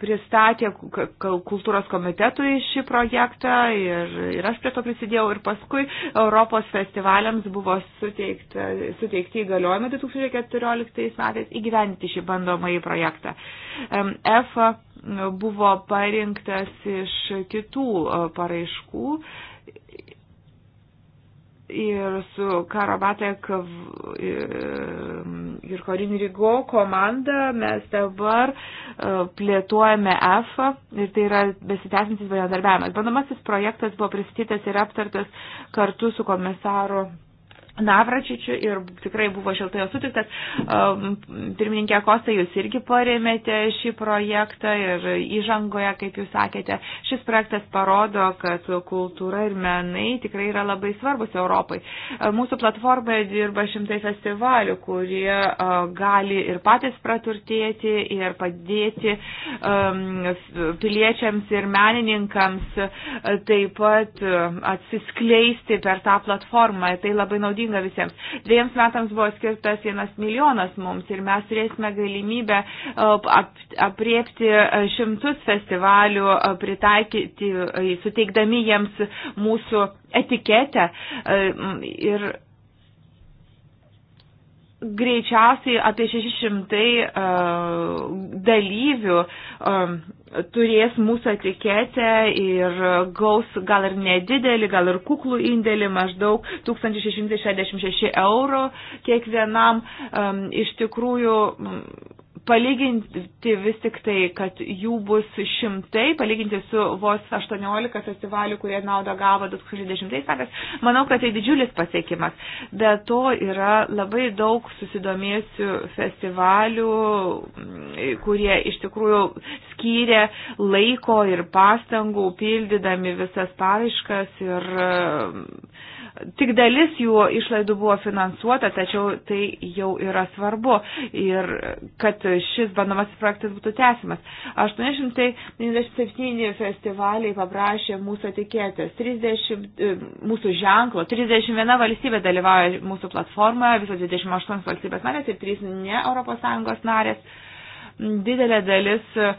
pristatė kultūros komitetui šį projektą ir, ir aš prie to prisidėjau ir paskui Europos festivaliams buvo suteikta, suteikti įgaliojimai 2014 metais įgyventi šį bandomąjį projektą. EFA buvo parinktas iš kitų e, paraiškų ir su Karabatek ir Korin Rygo komanda mes dabar e, plėtuojame EFA ir tai yra besitęsintis bendradarbiavimas. Bandomasis projektas buvo pristatytas ir aptartas kartu su komisaru Navračičių ir tikrai buvo šiltai sutiktas. Um, pirmininkė Kosta, jūs irgi paremėte šį projektą ir įžangoje, kaip jūs sakėte, šis projektas parodo, kad kultūra ir menai tikrai yra labai svarbus Europai. Uh, mūsų platformoje dirba šimtai festivalių, kurie uh, gali ir patys praturtėti ir padėti um, piliečiams ir menininkams uh, taip pat atsiskleisti per tą platformą. Tai labai naudinga naudinga visiems. Dviems metams buvo skirtas vienas milijonas mums ir mes turėsime galimybę e, apriepti e, šimtus festivalių, e, pritaikyti, suteikdami jiems mūsų etiketę. Ir greičiausiai apie 600 uh, e, dalyvių um, turės mūsų etiketę ir gaus gal ir nedidelį, gal ir kuklų indėlį, maždaug 1666 eurų kiekvienam. Um, iš tikrųjų, um, palyginti vis tik tai, kad jų bus šimtai, palyginti su vos 18 festivalių, kurie naudą gavo 2010 metais, manau, kad tai didžiulis pasiekimas. Be to yra labai daug susidomėjusių festivalių, kurie iš tikrųjų skyrė laiko ir pastangų, pildydami visas paraiškas ir uh, Tik dalis jų išlaidų buvo finansuota, tačiau tai jau yra svarbu ir kad šis bandomasis projektas būtų tęsimas. 897 festivaliai paprašė mūsų etiketės, 30, e, mūsų ženklo, 31 valstybė dalyvauja mūsų platformoje, visos 28 valstybės narės ir 3 ne ES narės didelė dalis e,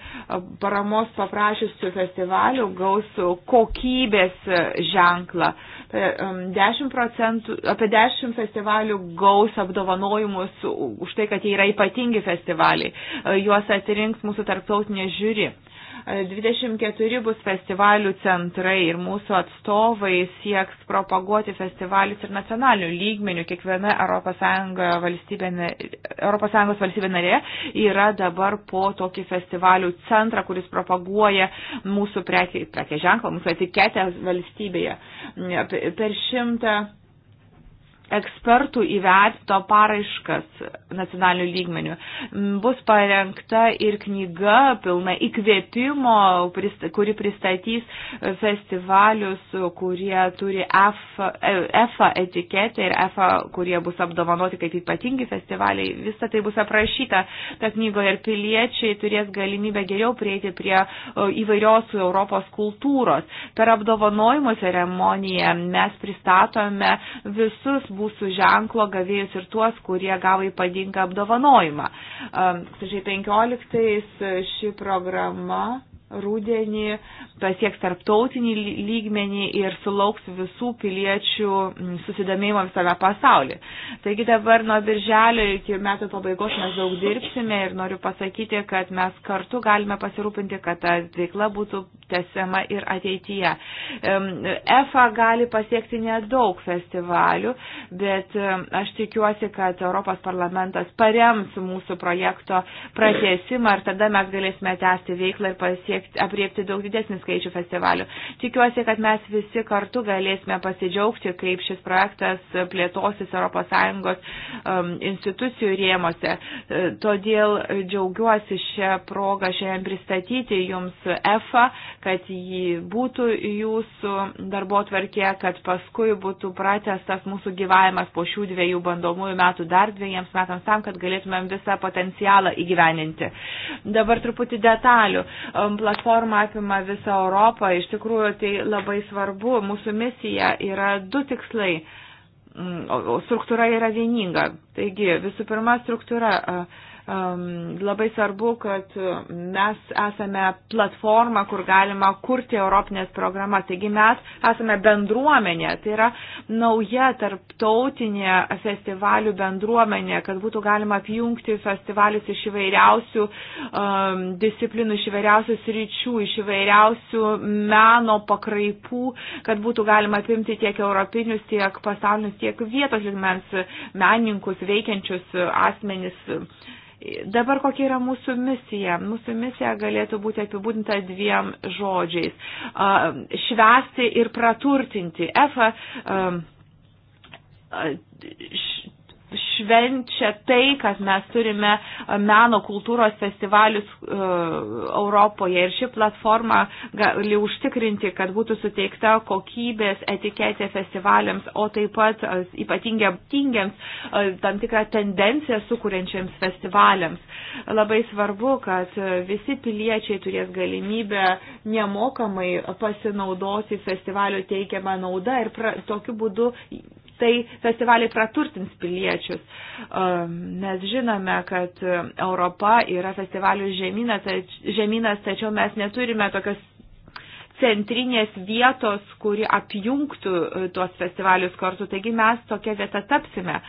paramos paprašysių festivalių gaus kokybės ženklą. 10 um, procentų, apie 10 festivalių gaus apdovanojimus už tai, kad jie yra ypatingi festivaliai. E, juos atrinks mūsų tarptautinė žiūri. 24 bus festivalių centrai ir mūsų atstovai sieks propaguoti festivalius ir nacionalinių lygmenių. Kiekviena ES valstybė, ES valstybė narė yra dabar po tokį festivalių centrą, kuris propaguoja mūsų prekė, prekė ženklą, mūsų etiketę valstybėje. Per šimtą ekspertų įvertito paraiškas nacionalinių lygmenių. Bus parengta ir knyga pilna įkvėpimo, kuri pristatys festivalius, kurie turi EFA etiketę ir EFA, kurie bus apdovanoti kaip ypatingi festivaliai. Visa tai bus aprašyta ta knygoje ir piliečiai turės galimybę geriau prieiti prie įvairios Europos kultūros. Per apdovanojimo ceremoniją mes pristatome visus būtent mūsų ženklo gavėjus ir tuos, kurie gavo ypatingą apdovanojimą. Ehm, 2015 ši programa rūdienį pasieks tarptautinį lygmenį ir sulauks visų piliečių mm, susidomėjimo visame pasaulyje. Taigi dabar nuo birželio iki metų pabaigos mes daug dirbsime ir noriu pasakyti, kad mes kartu galime pasirūpinti, kad ta veikla būtų tesiama ir ateityje. EFA gali pasiekti nedaug festivalių, bet aš tikiuosi, kad Europos parlamentas parems mūsų projekto pratesimą ir tada mes galėsime tęsti veiklą ir pasiekti apriepti daug didesnį skaičių festivalių. Tikiuosi, kad mes visi kartu galėsime pasidžiaugti, kaip šis projektas plėtosis ES um, institucijų rėmose. E, todėl džiaugiuosi šią progą šiandien pristatyti Jums EFA, kad jį būtų Jūsų darbo tvarkė, kad paskui būtų pratestas mūsų gyvavimas po šių dviejų bandomųjų metų dar dviejiems metams tam, kad galėtumėm visą potencialą įgyveninti. Dabar truputį detalių. Plan um, platforma apima visą Europą. Iš tikrųjų, tai labai svarbu. Mūsų misija yra du tikslai. Mm, o struktūra yra vieninga. Taigi, visų pirma, struktūra. Uh, Labai svarbu, kad mes esame platforma, kur galima kurti Europinės programas. Taigi mes esame bendruomenė, tai yra nauja tarptautinė festivalių bendruomenė, kad būtų galima apjungti festivalius iš įvairiausių um, disciplinų, iš įvairiausių sričių, iš įvairiausių meno pakraipų, kad būtų galima apimti tiek europinius, tiek pasaulinius, tiek vietos lygmens menininkus, veikiančius asmenis Dabar kokia yra mūsų misija? Mūsų misija galėtų būti apibūdinta dviem žodžiais - švesti ir praturtinti. EFA švenčia tai, kad mes turime e, meno kultūros festivalius e, Europoje ir ši platforma gali užtikrinti, kad būtų suteikta kokybės etiketė festivaliams, o taip pat e, ypatingiams tam tikrą tendenciją sukūrenčiams festivaliams. Labai svarbu, kad visi piliečiai turės galimybę nemokamai pasinaudoti festivalio teikiamą naudą ir pra, tokiu būdu tai festivaliai praturtins piliečius. Um, mes žinome, kad Europa yra festivalių žemynas, tačiau mes neturime tokios centrinės vietos, kuri apjungtų e, tuos festivalius kartu. Taigi mes tokia vieta tapsime.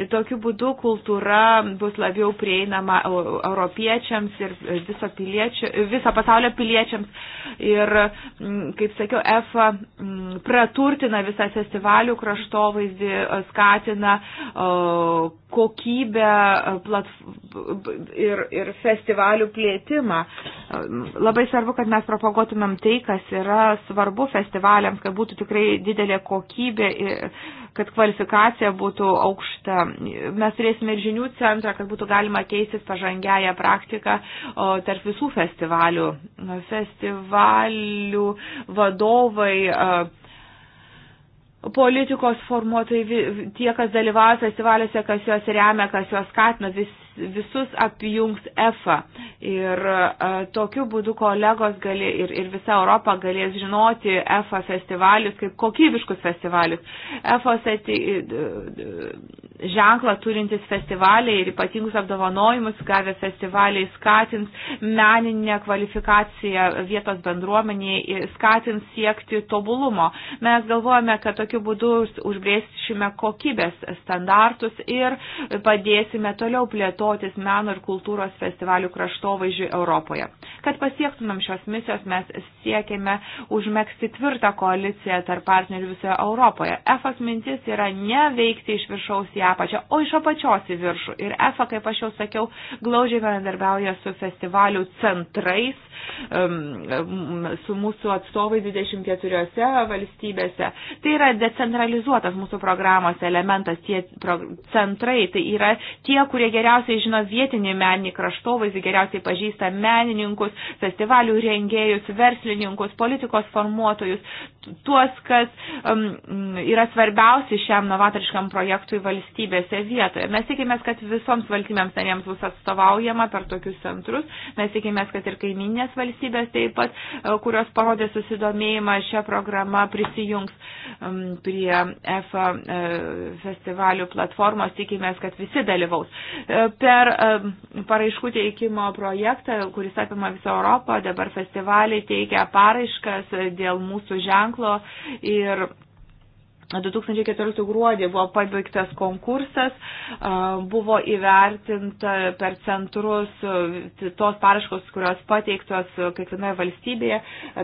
Ir tokiu būdu kultūra bus labiau prieinama europiečiams ir e, viso, piliečio, e, viso pasaulio piliečiams. Ir, kaip sakiau, EFA praturtina visą festivalių kraštovaizdį, skatina kokybę ir, ir festivalių plėtimą. Labai svarbu, kad mes propaguotumėm tai, kas yra yra svarbu festivaliams, kad būtų tikrai didelė kokybė, kad kvalifikacija būtų aukšta. Mes turėsime ir žinių centrą, kad būtų galima keistis pažangiają praktiką tarp visų festivalių. Festivalių vadovai politikos formuotojai, tie, kas dalyvauja festivaliuose, kas juos remia, kas juos skatina, visi visus apjungs EFA. Ir e, tokiu būdu kolegos gali, ir, ir visa Europa galės žinoti EFA festivalius kaip kokybiškus festivalius. EFOS ati, e, ženklą turintis festivaliai ir ypatingus apdovanojimus gavę festivaliai skatins meninę kvalifikaciją vietos bendruomenėje ir skatins siekti tobulumo. Mes galvojame, kad tokiu būdu užbrėsime kokybės standartus ir padėsime toliau plėtoti plėtotis meno ir kultūros festivalių kraštovaizdžių Europoje. Kad pasiektumėm šios misijos, mes siekime užmėgsti tvirtą koaliciją tarp partnerių visoje Europoje. EFAS mintis yra ne veikti iš viršaus į apačią, o iš apačios į viršų. Ir EFA, kaip aš jau sakiau, glaudžiai bendarbiauja su festivalių centrais Um, su mūsų atstovai 24 valstybėse. Tai yra decentralizuotas mūsų programos elementas, tie centrai, tai yra tie, kurie geriausiai žino vietinį meninį kraštovaizdį, geriausiai pažįsta menininkus, festivalių rengėjus, verslininkus, politikos formuotojus, tuos, kas um, yra svarbiausi šiam novatoriškam projektui valstybėse vietoje. Mes tikimės, kad visoms valstybėms narėms bus atstovaujama per tokius centrus. Mes tikimės, kad ir kaiminės kitos valstybės taip pat, e, kurios parodė susidomėjimą šią programą, prisijungs prie EFA e, festivalių platformos. Tikimės, kad visi dalyvaus. E, per paraiškų teikimo projektą, kuris apima visą Europą, dabar festivaliai teikia paraiškas dėl mūsų ženklo ir 2014 gruodį buvo pabaigtas konkursas, buvo įvertinta per centrus tos paraškos, kurios pateiktos kiekvienoje valstybėje,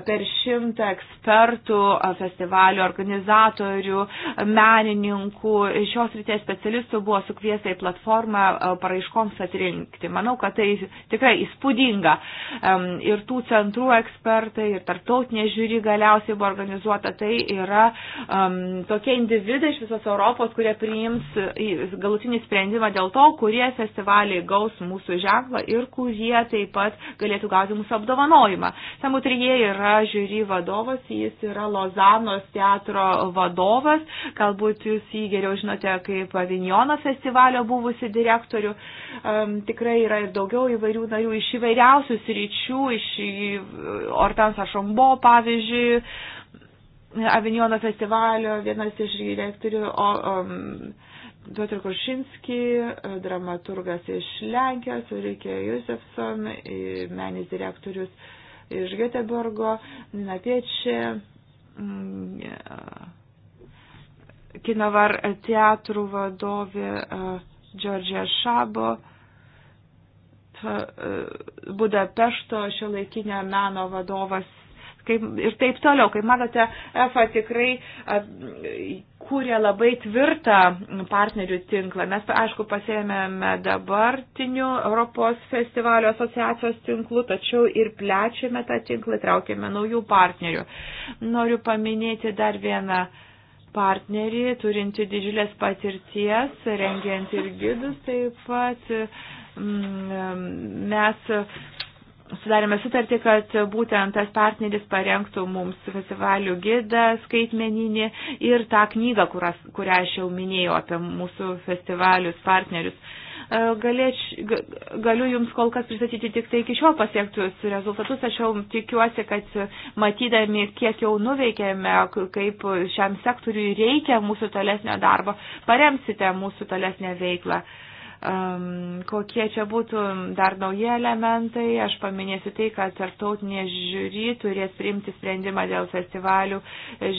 per šimtą ekspertų, festivalio organizatorių, menininkų, šios ryties specialistų buvo sukviesta į platformą paraiškoms atrinkti. Manau, kad tai tikrai įspūdinga. Ir tų centrų ekspertai, ir tarptautinė žiūri galiausiai buvo organizuota. Tai yra tos tokie individai iš visos Europos, kurie priims galutinį sprendimą dėl to, kurie festivaliai gaus mūsų ženklą ir kurie taip pat galėtų gauti mūsų apdovanojimą. Samutrijie yra žiūri vadovas, jis yra Lozanos teatro vadovas, galbūt jūs jį geriau žinote kaip Avignono festivalio buvusi direktorių. Um, tikrai yra ir daugiau įvairių narių iš įvairiausių sričių, iš Hortensa Šombo pavyzdžiui Avinjono festivalio vienas iš direktorių, o, o Piotr Košinski, e, dramaturgas iš Lenkijos, Ulrike Jusefson, menis direktorius iš Göteborgo, Nina Piečė, mm, e, kinovar teatrų vadovė e, Džordžia Šabo, Budapešto šio laikinio meno vadovas kaip, ir taip toliau. Kaip matote, EFA tikrai a, kūrė labai tvirtą partnerių tinklą. Mes, aišku, pasėmėme dabartinių Europos festivalio asociacijos tinklų, tačiau ir plečiame tą tinklą, traukėme naujų partnerių. Noriu paminėti dar vieną partnerį, turinti didžiulės patirties, rengiant ir gidus taip pat. Mm, mes sudarėme sutartį, kad būtent tas partneris parengtų mums festivalių gidą skaitmeninį ir tą knygą, kurias, kurią aš jau minėjau apie mūsų festivalius partnerius. E, galėč, galiu Jums kol kas pristatyti tik tai iki šiol pasiektus rezultatus. Aš jau tikiuosi, kad matydami, kiek jau nuveikėme, kaip šiam sektoriui reikia mūsų tolesnio darbo, paremsite mūsų tolesnę veiklą. Uh, um, kokie čia būtų dar nauji elementai. Aš paminėsiu tai, kad tarptautinė žiūri turės priimti sprendimą dėl festivalių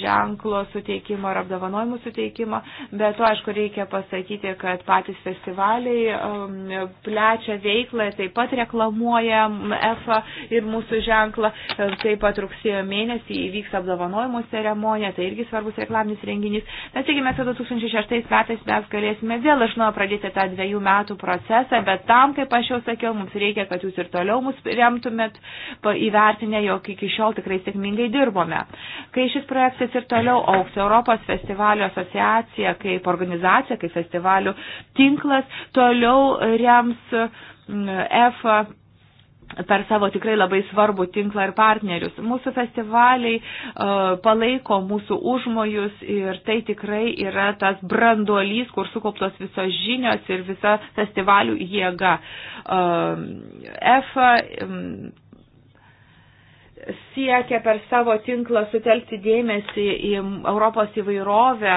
ženklo suteikimo ir apdovanojimų suteikimo. Bet to, aišku, reikia pasakyti, kad patys festivaliai um, plečia veiklą, taip pat reklamuoja EFA ir mūsų ženklą. Taip pat rugsėjo mėnesį įvyks apdovanojimų ceremonija, tai irgi svarbus reklaminis renginys. Mes tikime, kad 2006 metais mes galėsime vėl iš naujo pradėti tą dviejų metų metų procesą, bet tam, kaip aš jau sakiau, mums reikia, kad jūs ir toliau mus remtumėt, įvertinę, jog iki šiol tikrai sėkmingai dirbome. Kai šis projektas ir toliau auks, Europos festivalio asociacija kaip organizacija, kaip festivalių tinklas toliau rems EFA mm, per savo tikrai labai svarbų tinklą ir partnerius. Mūsų festivaliai e, palaiko mūsų užmojus ir tai tikrai yra tas branduolys, kur sukauptos visos žinios ir visa festivalių jėga. EFA siekia per savo tinklą sutelkti dėmesį į Europos įvairovę.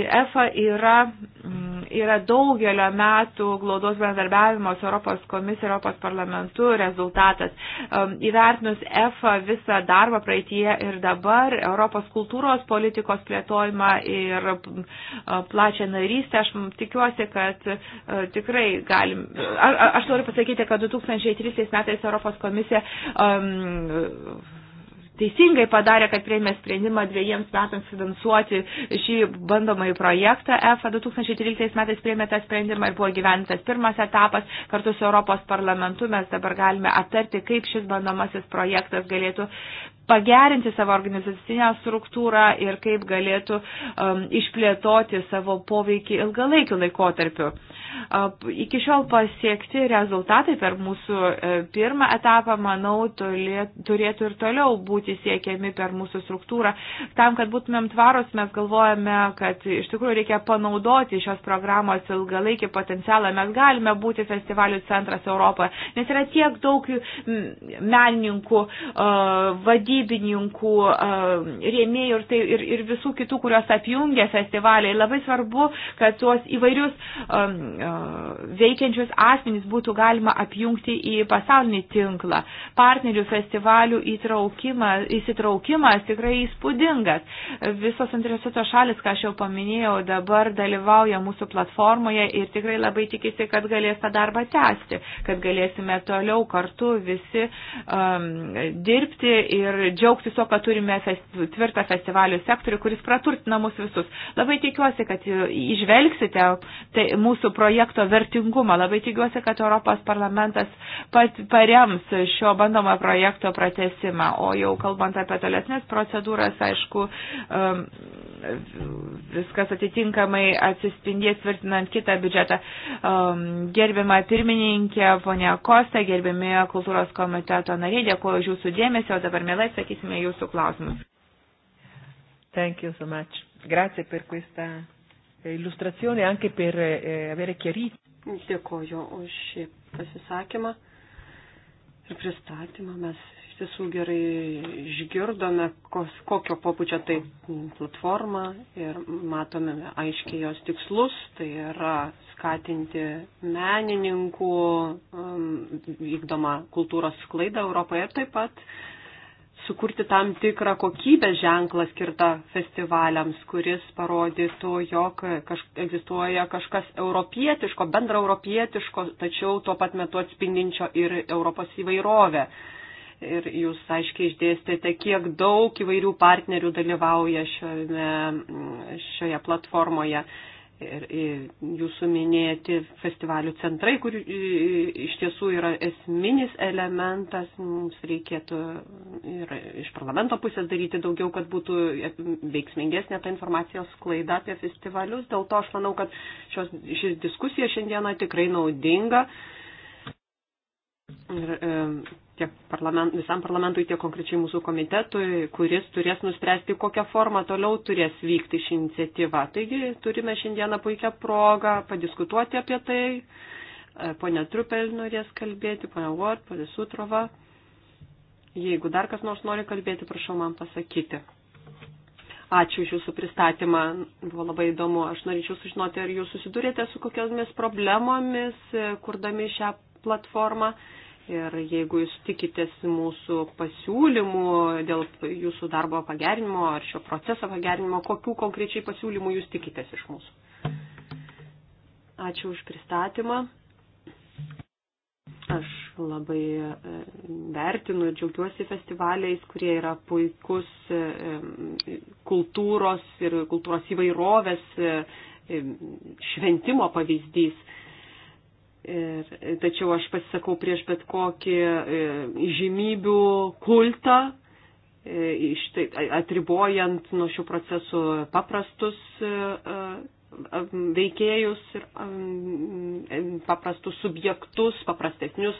EFA yra, mm, yra daugelio metų glaudos bendarbiavimo su Europos komisija, Europos parlamentu rezultatas. Įvertinus EFA visą darbą praeitie ir dabar, Europos kultūros politikos plėtojimą ir mm, plačią narystę, aš tikiuosi, kad e, tikrai galim. A, a, aš noriu pasakyti, kad 2013 metais Europos komisija um, teisingai padarė, kad prieimė sprendimą dviejiems metams finansuoti šį bandomąjį projektą. EFA 2013 metais prieimė tą sprendimą ir buvo gyventas pirmas etapas. Kartu su Europos parlamentu mes dabar galime aptarti, kaip šis bandomasis projektas galėtų pagerinti savo organizacinę struktūrą ir kaip galėtų um, išplėtoti savo poveikį ilgalaikiu laikotarpiu. Uh, Iki šiol pasiekti rezultatai per mūsų e, pirmą etapą, manau, turėtų ir toliau būti siekiami per mūsų struktūrą. Tam, kad būtumėm tvaros, mes galvojame, kad iš tikrųjų reikia panaudoti šios programos ilgalaikį potencialą. Mes galime būti festivalių centras Europoje, nes yra tiek daug menininkų, vadybininkų, rėmėjų ir, tai, ir, ir visų kitų, kurios apjungia festivaliai. Labai svarbu, kad tuos įvairius E, veikiančius asmenys būtų galima apjungti į pasaulinį tinklą. Partnerių festivalių įtraukimas, įsitraukimas tikrai įspūdingas. Visos interesuotos šalis, ką aš jau paminėjau, dabar dalyvauja mūsų platformoje ir tikrai labai tikisi, kad galės tą darbą tęsti, kad galėsime toliau kartu visi um, dirbti ir džiaugtis to, kad turime festi tvirtą festivalių sektorių, kuris praturtina mus visus. Labai tikiuosi, kad išvelgsite tai mūsų projektą projekto vertingumą. Labai tikiuosi, kad Europos parlamentas pat parems šio bandomą projekto pratesimą. O jau kalbant apie tolesnės procedūras, aišku, um, viskas atitinkamai atsispindės tvirtinant kitą biudžetą. Um, gerbiama pirmininkė, ponia Kosta, gerbiami kultūros komiteto nariai, dėkuoju už jūsų dėmesį, o dabar mielai sakysime jūsų klausimus. Thank you so much. Grazie per questa E, illustrazione anche per eh, avere chiarito. Dėkoju už šį pasisakymą ir pristatymą. Mes iš tiesų gerai išgirdome, kos, kokio popučio tai platforma ir matome aiškiai jos tikslus. Tai yra skatinti menininkų um, vykdomą kultūros sklaidą Europoje ir taip pat sukurti tam tikrą kokybės ženklą skirtą festivaliams, kuris parodytų, jog kaž, egzistuoja kažkas europietiško, bendra europietiško, tačiau tuo pat metu atspindinčio ir Europos įvairovę. Ir jūs aiškiai išdėstėte, kiek daug įvairių partnerių dalyvauja šiame, šioje platformoje ir, ir jūsų minėti festivalių centrai, kur iš tiesų yra esminis elementas, mums reikėtų ir iš parlamento pusės daryti daugiau, kad būtų veiksmingesnė ta informacijos klaida apie festivalius. Dėl to aš manau, kad šios, šis diskusija šiandieną tikrai naudinga. Ir, e, tiek parlament, visam parlamentui, tiek konkrečiai mūsų komitetui, kuris turės nuspręsti, kokią formą toliau turės vykti ši iniciatyva. Taigi turime šiandieną puikią progą padiskutuoti apie tai. E, pone Trupel norės kalbėti, pone Ward, pone Sutrova. Jeigu dar kas nors nori kalbėti, prašau man pasakyti. Ačiū iš jūsų pristatymą, buvo labai įdomu. Aš norėčiau sužinoti, ar jūs susidurėte su kokiamis problemomis, e, kurdami šią platformą Ir jeigu jūs tikitės mūsų pasiūlymų dėl jūsų darbo pagerinimo ar šio proceso pagerinimo, kokių konkrečiai pasiūlymų jūs tikitės iš mūsų? Ačiū už pristatymą. Aš labai e, vertinu ir džiaugiuosi festivaliais, kurie yra puikus e, e, kultūros ir kultūros įvairovės šventimo pavyzdys Ir, e, tačiau aš pasisakau prieš bet kokį e, žymybių kultą, e, iš, tai, atribojant nuo šių procesų paprastus e, e veikėjus ir paprastus subjektus, paprastesnius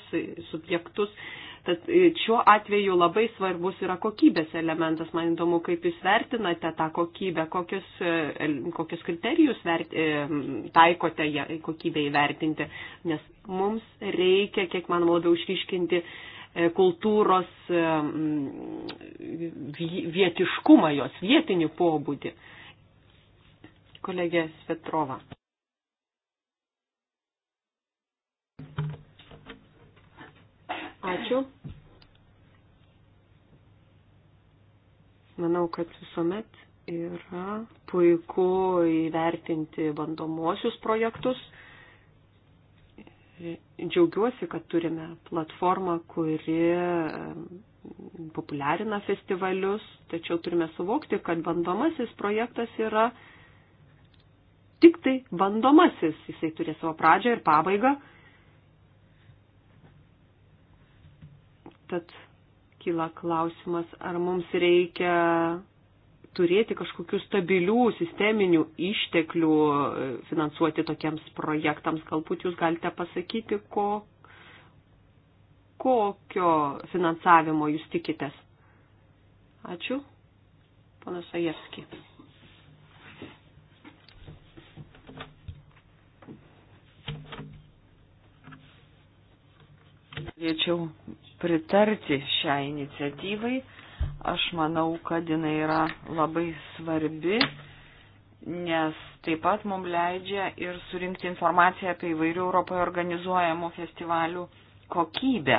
subjektus. E, Tad e, šiuo atveju labai svarbus yra kokybės elementas. Man įdomu, kaip jūs vertinate tą kokybę, kokius, e, kokius kriterijus vert, e, taikote kokybę įvertinti, nes mums reikia, kiek man labiau išryškinti, kultūros vietiškumą, jos vietinį pobūdį. Kolegė Svetrova. Ačiū. Manau, kad visuomet yra puiku įvertinti bandomuosius projektus. Džiaugiuosi, kad turime platformą, kuri populiarina festivalius, tačiau turime suvokti, kad bandomasis projektas yra tik tai bandomasis. Jisai turi savo pradžią ir pabaigą. Tad kyla klausimas, ar mums reikia turėti kažkokių stabilių sisteminių išteklių e, finansuoti tokiems projektams. Galbūt jūs galite pasakyti, ko, kokio finansavimo jūs tikitės. Ačiū. Panas Ajevski. Norėčiau pritarti šią iniciatyvai. Aš manau, kad jinai yra labai svarbi, nes taip pat mums leidžia ir surinkti informaciją apie įvairių Europoje organizuojamų festivalių kokybę,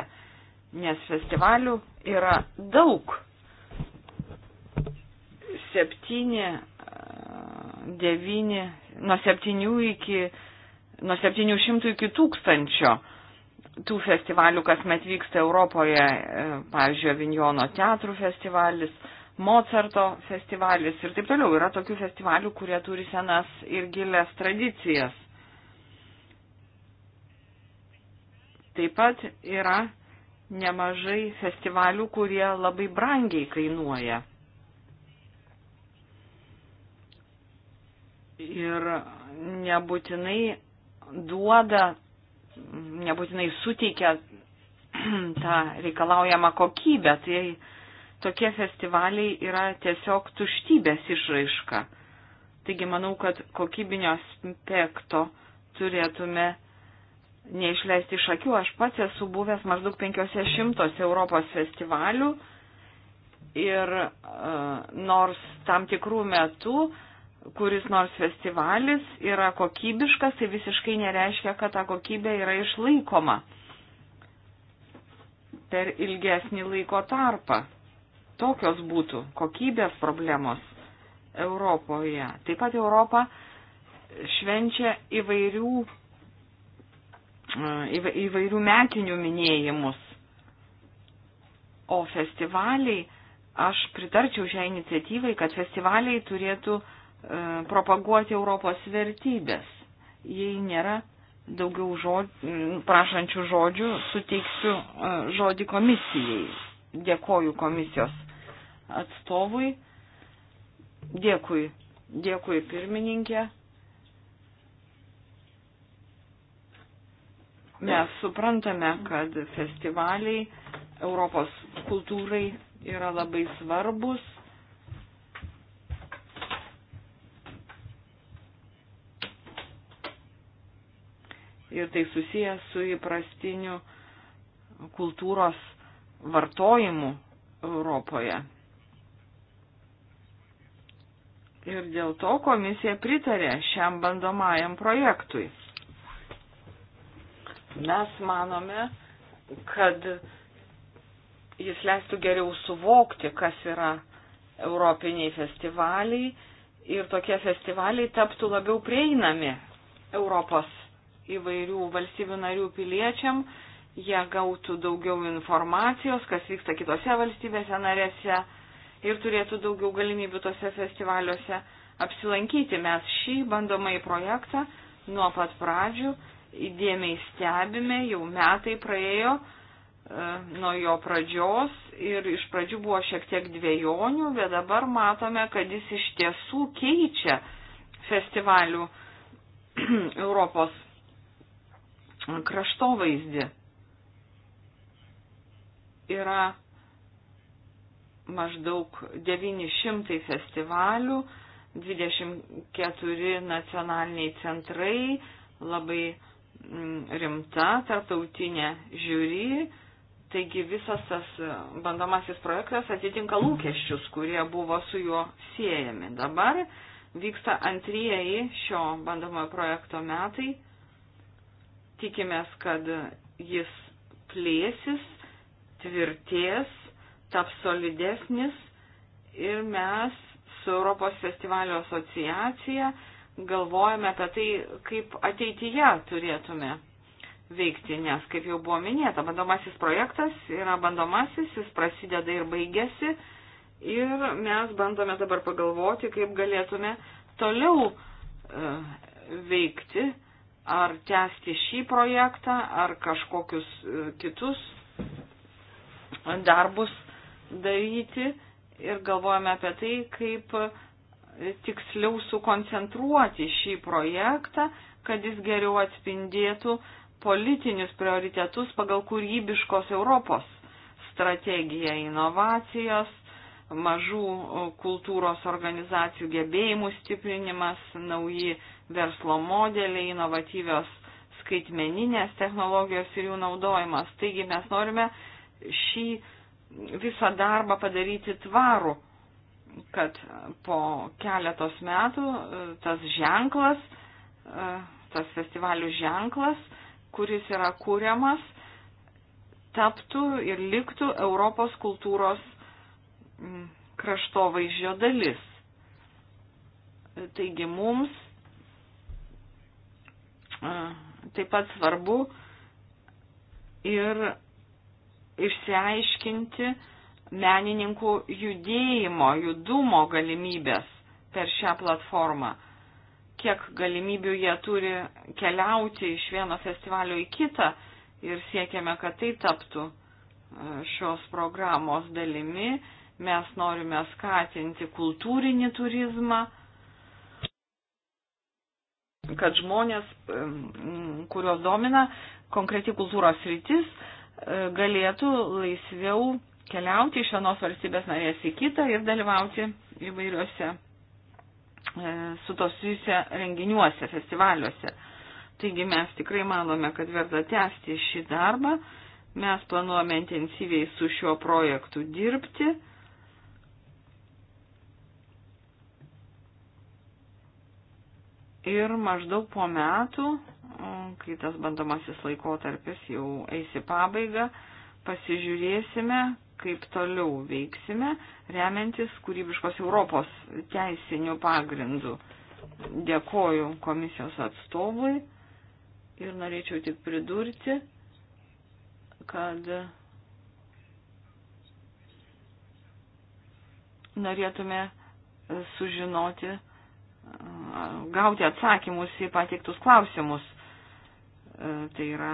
nes festivalių yra daug. Septyni, e, devyni, nuo septynių iki, nuo septynių šimtų iki tūkstančio tų festivalių, kas met vyksta Europoje, e, pavyzdžiui, Avignono teatrų festivalis, Mozarto festivalis ir taip toliau. Yra tokių festivalių, kurie turi senas ir gilias tradicijas. Taip pat yra nemažai festivalių, kurie labai brangiai kainuoja. Ir nebūtinai duoda nebūtinai suteikia tą reikalaujamą kokybę. Tai tokie festivaliai yra tiesiog tuštybės išraiška. Taigi manau, kad kokybinio aspekto turėtume neišleisti iš akių. Aš pats esu buvęs maždaug 500 Europos festivalių ir e, nors tam tikrų metų kuris nors festivalis yra kokybiškas, tai visiškai nereiškia, kad ta kokybė yra išlaikoma per ilgesnį laiko tarpą. Tokios būtų kokybės problemos Europoje. Taip pat Europa švenčia įvairių, e, įvairių metinių minėjimus. O festivaliai, aš pritarčiau šią iniciatyvai, kad festivaliai turėtų uh, E, propaguoti Europos vertybės. Jei nėra daugiau žodžių, prašančių žodžių, suteiksiu e, žodį komisijai. Dėkoju komisijos atstovui. Dėkui. Dėkui pirmininkė. Mes suprantame, kad festivaliai Europos kultūrai yra labai svarbus ir tai susijęs su įprastiniu kultūros vartojimu Europoje. Ir dėl to komisija pritarė šiam bandomajam projektui. Mes manome, kad jis leistų geriau suvokti, kas yra europiniai festivaliai ir tokie festivaliai taptų labiau prieinami Europos įvairių valstybių narių piliečiam, jie gautų daugiau informacijos, kas vyksta kitose valstybėse narėse ir turėtų daugiau galimybių tose festivaliuose apsilankyti. Mes šį bandomąjį projektą nuo pat pradžių įdėmiai stebime, jau metai praėjo e, nuo jo pradžios ir iš pradžių buvo šiek tiek dviejonių, bet dabar matome, kad jis iš tiesų keičia festivalių Europos kraštovaizdį. Yra maždaug 900 festivalių, 24 nacionaliniai centrai, labai mm, rimta tarptautinė žiūri. Taigi visas tas bandomasis projektas atitinka lūkesčius, kurie buvo su juo siejami. Dabar vyksta antrieji šio bandomojo projekto metai Tikimės, kad jis plėsis, tvirtės, taps solidesnis ir mes su Europos festivalio asociacija galvojame apie tai, kaip ateityje turėtume veikti, nes, kaip jau buvo minėta, bandomasis projektas yra bandomasis, jis prasideda ir baigėsi ir mes bandome dabar pagalvoti, kaip galėtume toliau e, veikti ar tęsti šį projektą, ar kažkokius e, kitus darbus daryti ir galvojame apie tai, kaip e, tiksliau sukoncentruoti šį projektą, kad jis geriau atspindėtų politinius prioritetus pagal kūrybiškos Europos strategiją inovacijas, mažų e, kultūros organizacijų gebėjimų stiprinimas, nauji verslo modeliai, inovatyvios skaitmeninės technologijos ir jų naudojimas. Taigi mes norime šį visą darbą padaryti tvarų, kad po keletos metų e, tas ženklas, e, tas festivalių ženklas, kuris yra kūriamas, taptų ir liktų Europos kultūros kraštovaizdžio dalis. Taigi mums taip pat svarbu ir išsiaiškinti menininkų judėjimo, judumo galimybės per šią platformą kiek galimybių jie turi keliauti iš vieno festivalio į kitą ir siekiame, kad tai taptų e, šios programos dalimi. Mes norime skatinti kultūrinį turizmą, kad žmonės, kuriuos domina konkreti kultūros rytis, e, galėtų laisviau keliauti iš vienos valstybės narės į kitą ir dalyvauti įvairiuose e, su to susijusia renginiuose, festivaliuose. Taigi mes tikrai manome, kad verta tęsti šį darbą. Mes planuojame intensyviai su šiuo projektu dirbti ir maždaug po metų, kai tas bandomasis laikotarpis jau eis į pabaigą, pasižiūrėsime, kaip toliau veiksime, remiantis kūrybiškos Europos teisinių pagrindų. Dėkoju komisijos atstovui ir norėčiau tik pridurti, kad norėtume sužinoti, gauti atsakymus į pateiktus klausimus. E, tai yra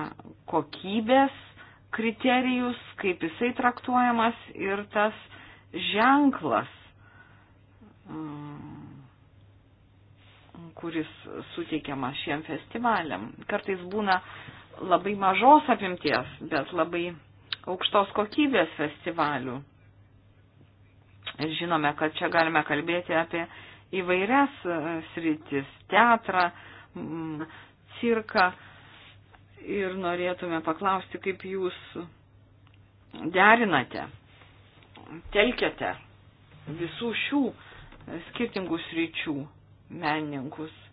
kokybės kriterijus, kaip jisai traktuojamas ir tas ženklas, e, kuris suteikiamas šiem festivaliam. Kartais būna labai mažos apimties, bet labai aukštos kokybės festivalių. Ir žinome, kad čia galime kalbėti apie įvairias e, sritis - teatrą, cirką ir norėtume paklausti, kaip jūs derinate, telkiate visų šių skirtingų sričių menininkus.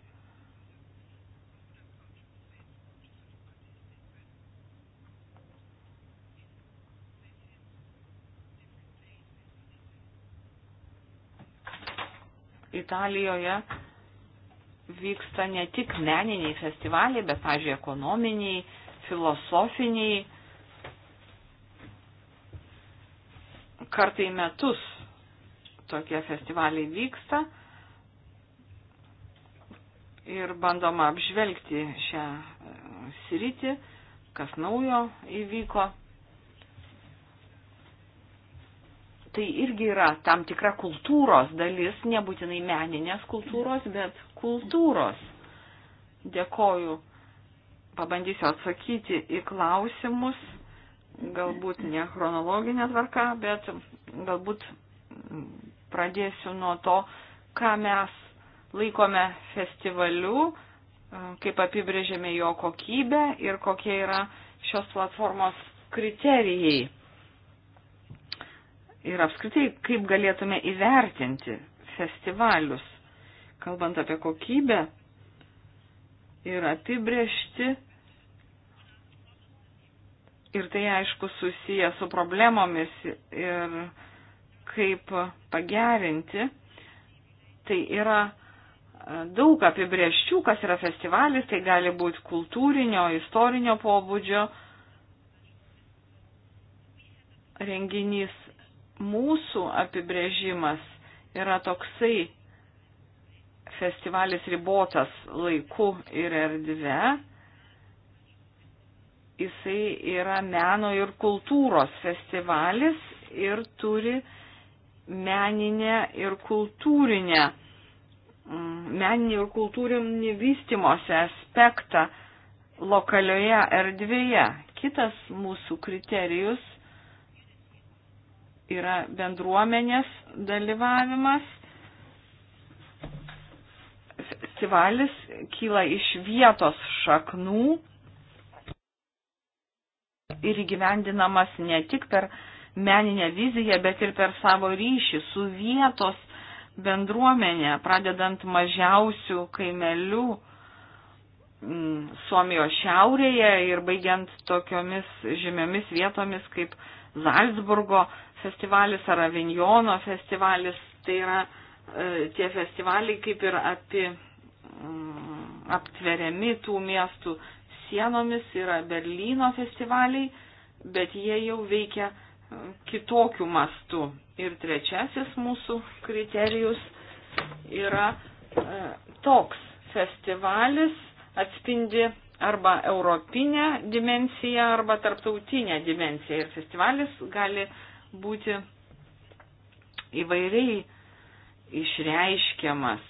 Italijoje vyksta ne tik meniniai festivaliai, bet, pažiūrėjau, ekonominiai, filosofiniai, kartai metus tokie festivaliai vyksta ir bandoma apžvelgti šią e, sritį, kas naujo įvyko. tai irgi yra tam tikra kultūros dalis, nebūtinai meninės kultūros, bet kultūros. Dėkoju. Pabandysiu atsakyti į klausimus, galbūt ne chronologinė tvarka, bet galbūt pradėsiu nuo to, ką mes laikome festivaliu, kaip apibrėžėme jo kokybę ir kokie yra šios platformos kriterijai ir apskritai, kaip galėtume įvertinti festivalius, kalbant apie kokybę ir apibriešti. Ir tai aišku susiję su problemomis ir kaip pagerinti. Tai yra e, daug apibrieščių, kas yra festivalis, tai gali būti kultūrinio, istorinio pobūdžio renginys mūsų apibrėžimas yra toksai festivalis ribotas laiku ir erdve, jisai yra meno ir kultūros festivalis ir turi meninę ir kultūrinę, mm, meninį ir kultūrinį vystimosi aspektą lokalioje erdvėje. Kitas mūsų kriterijus yra bendruomenės dalyvavimas. Festivalis kyla iš vietos šaknų ir įgyvendinamas ne tik per meninę viziją, bet ir per savo ryšį su vietos bendruomenė, pradedant mažiausių kaimelių m, mm, Suomijos šiaurėje ir baigiant tokiomis žymiomis vietomis kaip Zalzburgo festivalis ar Avinjono festivalis. Tai yra e, tie festivaliai kaip ir api, mm, aptveriami tų miestų sienomis, yra Berlyno festivaliai, bet jie jau veikia e, kitokių mastų. Ir trečiasis mūsų kriterijus yra e, toks festivalis atspindi arba europinę dimensiją, arba tarptautinę dimensiją. Ir festivalis gali būti įvairiai išreiškiamas,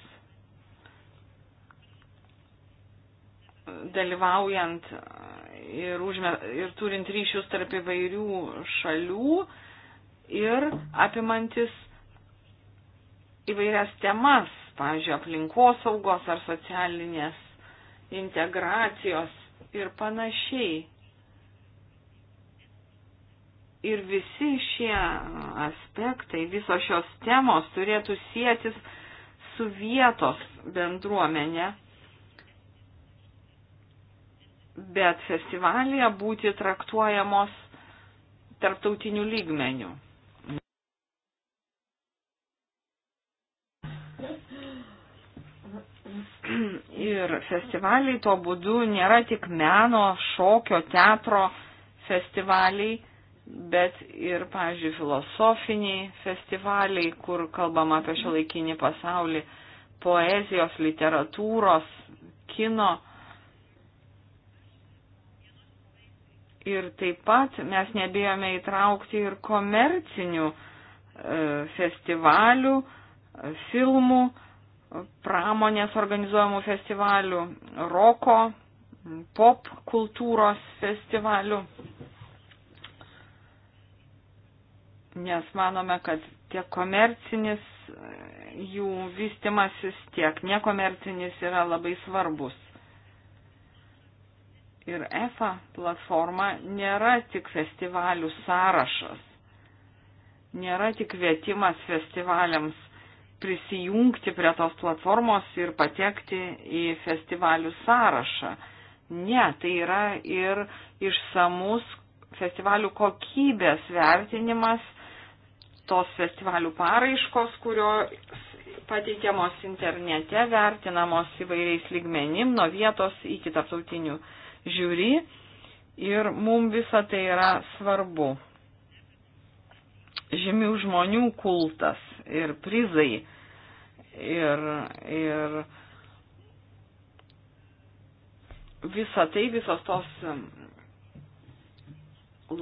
dalyvaujant ir, užme, ir turint ryšius tarp įvairių šalių ir apimantis įvairias temas, pavyzdžiui, aplinkosaugos ar socialinės integracijos ir panašiai ir visi šie aspektai, visos šios temos turėtų sėtis su vietos bendruomenė, bet festivalėje būti traktuojamos tarptautinių lygmenių. Ir festivaliai tuo būdu nėra tik meno, šokio, teatro festivaliai, bet ir, pavyzdžiui, filosofiniai festivaliai, kur kalbama apie šio laikinį pasaulį, poezijos, literatūros, kino. Ir taip pat mes nebėjome įtraukti ir komercinių e, festivalių, e, filmų, pramonės organizuojamų festivalių, roko, pop kultūros festivalių. nes manome, kad tiek komercinis e, jų vystimasis, tiek nekomercinis yra labai svarbus. Ir EFA platforma nėra tik festivalių sąrašas, nėra tik vietimas festivaliams prisijungti prie tos platformos ir patekti į festivalių sąrašą. Ne, tai yra ir išsamus festivalių kokybės vertinimas tos festivalių paraiškos, kurios pateikiamos internete, vertinamos įvairiais lygmenim, nuo vietos iki tarptautinių žiūri. Ir mums visa tai yra svarbu. Žymių žmonių kultas ir prizai. Ir, ir visa tai, visos tos um,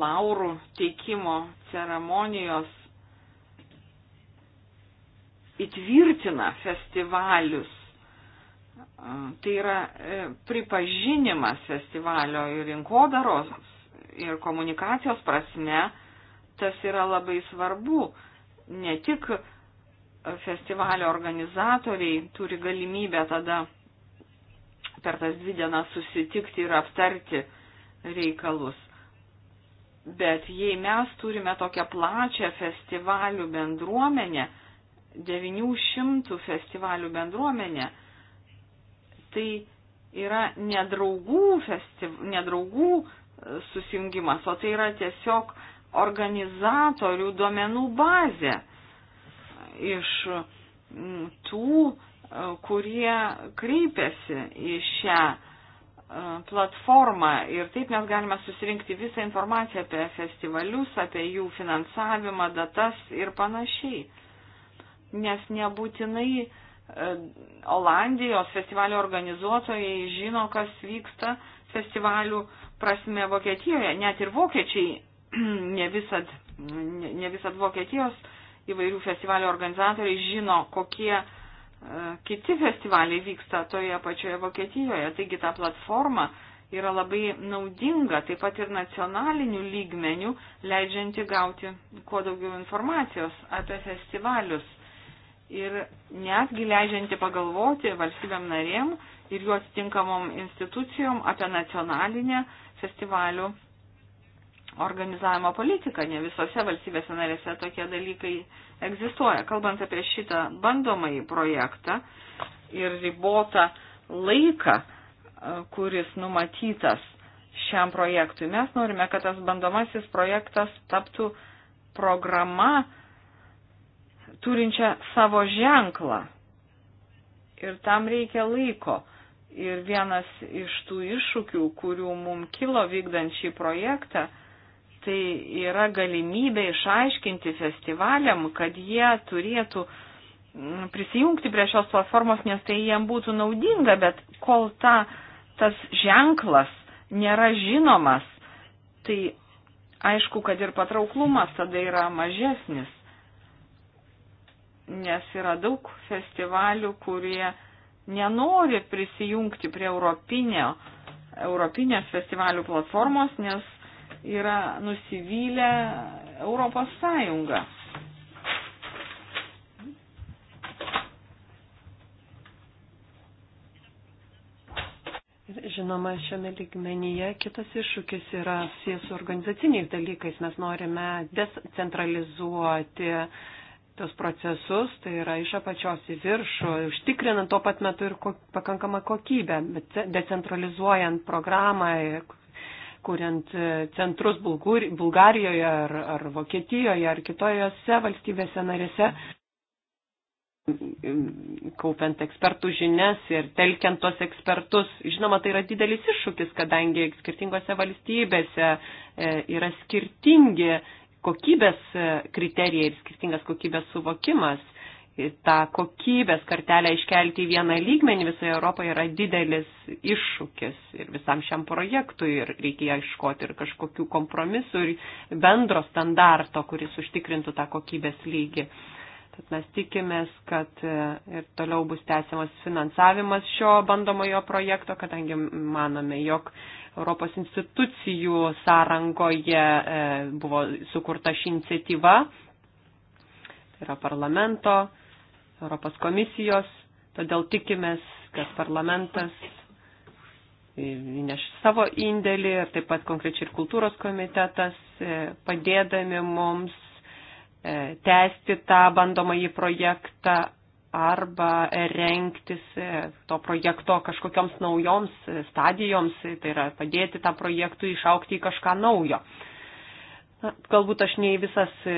laurų teikimo ceremonijos įtvirtina festivalius. Tai yra e, pripažinimas festivalio ir rinkodaros ir komunikacijos prasme, tas yra labai svarbu. Ne tik festivalio organizatoriai turi galimybę tada per tas dvi dienas susitikti ir aptarti reikalus. Bet jei mes turime tokią plačią festivalių bendruomenę, 900 festivalių bendruomenė, tai yra nedraugų, festiv... nedraugų e, susijungimas, o tai yra tiesiog organizatorių duomenų bazė iš tų, e, kurie kreipiasi į šią e, platformą ir taip mes galime susirinkti visą informaciją apie festivalius, apie jų finansavimą, datas ir panašiai nes nebūtinai e, Olandijos festivalio organizuotojai žino, kas vyksta festivalių prasme Vokietijoje. Net ir vokiečiai ne visad, ne visad Vokietijos įvairių festivalio organizatoriai žino, kokie e, kiti festivaliai vyksta toje pačioje Vokietijoje. Taigi ta platforma yra labai naudinga, taip pat ir nacionalinių lygmenių, leidžianti gauti kuo daugiau informacijos apie festivalius ir netgi leidžianti pagalvoti valstybėm narėm ir jų atitinkamom institucijom apie nacionalinę festivalių organizavimo politiką. Ne visose valstybėse narėse tokie dalykai egzistuoja. Kalbant apie šitą bandomąjį projektą ir ribotą laiką, e, kuris numatytas šiam projektui, mes norime, kad tas bandomasis projektas taptų programa, turinčią savo ženklą. Ir tam reikia laiko. Ir vienas iš tų iššūkių, kurių mums kilo vykdant šį projektą, tai yra galimybė išaiškinti festivaliam, kad jie turėtų mm, prisijungti prie šios platformos, nes tai jiem būtų naudinga, bet kol ta, tas ženklas nėra žinomas, tai aišku, kad ir patrauklumas tada yra mažesnis nes yra daug festivalių, kurie nenori prisijungti prie europinio, europinės festivalių platformos, nes yra nusivylę Europos Sąjungą. Žinoma, šiame lygmenyje kitas iššūkis yra susijęs su organizaciniais dalykais. Mes norime decentralizuoti uh, tos procesus, tai yra iš apačios į viršų, užtikrinant tuo pat metu ir ko, pakankamą kokybę, decentralizuojant programą, kuriant e, centrus Bulgur, Bulgarijoje ar, ar Vokietijoje ar kitojose valstybėse narėse, kaupiant ekspertų žinias ir telkiant tos ekspertus. Žinoma, tai yra didelis iššūkis, kadangi skirtingose valstybėse e, yra skirtingi kokybės e, kriterijai ir skirtingas kokybės suvokimas. Ir tą kokybės kartelę iškelti į vieną lygmenį visoje Europoje yra didelis iššūkis ir visam šiam projektui ir reikia ieškoti ir kažkokių kompromisų ir bendro standarto, kuris užtikrintų tą kokybės lygį. Uh, Tad mes tikimės, kad e, ir toliau bus tęsiamas finansavimas šio bandomojo projekto, kadangi manome, jog Europos institucijų sąrangoje e, buvo sukurta ši iniciatyva, tai yra parlamento, Europos komisijos, todėl tikimės, kad parlamentas įneš savo indėlį ir taip pat konkrečiai ir kultūros komitetas, e, padėdami mums E, tęsti tą bandomąjį projektą arba renktis e, to projekto kažkokioms naujoms stadijoms, tai yra padėti tą projektui išaukti į kažką naujo. Na, galbūt aš ne į visas e,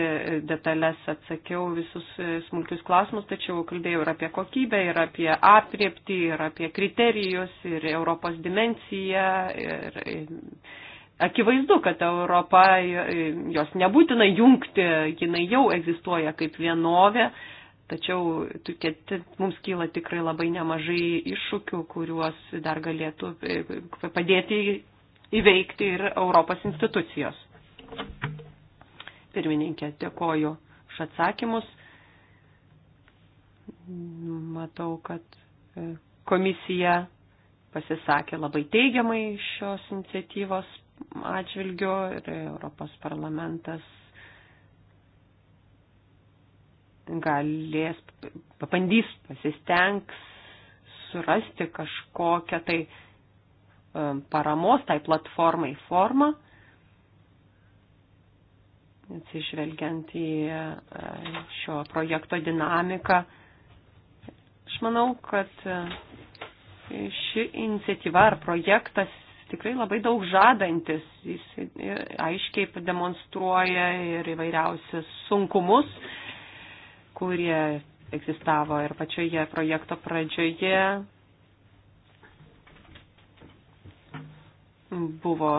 detalės atsakiau visus smulkius klausimus, tačiau kalbėjau ir apie kokybę, ir apie apriepti, ir apie kriterijus, ir Europos dimenciją, ir akivaizdu, kad Europa, jos nebūtina jungti, jinai jau egzistuoja kaip vienovė, tačiau mums kyla tikrai labai nemažai iššūkių, kuriuos dar galėtų e, padėti įveikti ir Europos institucijos. Pirmininkė, dėkoju už atsakymus. Matau, kad e, komisija pasisakė labai teigiamai šios iniciatyvos atžvilgiu ir Europos parlamentas galės, papandys, pasistengs surasti kažkokią tai e, paramos tai platformai formą, atsižvelgiant į e, šio projekto dinamiką. Aš manau, kad e, ši iniciatyva ar projektas tikrai labai daug žadantis. Jis aiškiai demonstruoja ir įvairiausius sunkumus, kurie egzistavo ir pačioje projekto pradžioje. Buvo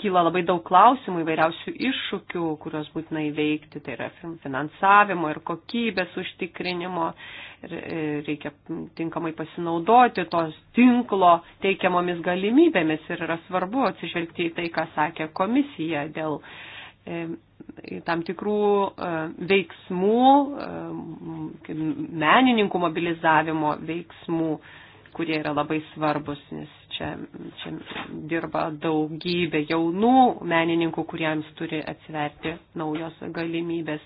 kyla labai daug klausimų, įvairiausių iššūkių, kuriuos būtina įveikti, tai yra finansavimo ir kokybės užtikrinimo, ir e, reikia tinkamai pasinaudoti tos tinklo teikiamomis galimybėmis ir yra svarbu atsižvelgti į tai, ką sakė komisija dėl e, tam tikrų e, veiksmų, menininkų mobilizavimo veiksmų kurie yra labai svarbus, nes čia, čia dirba daugybė jaunų menininkų, kuriems turi atsiverti naujos galimybės.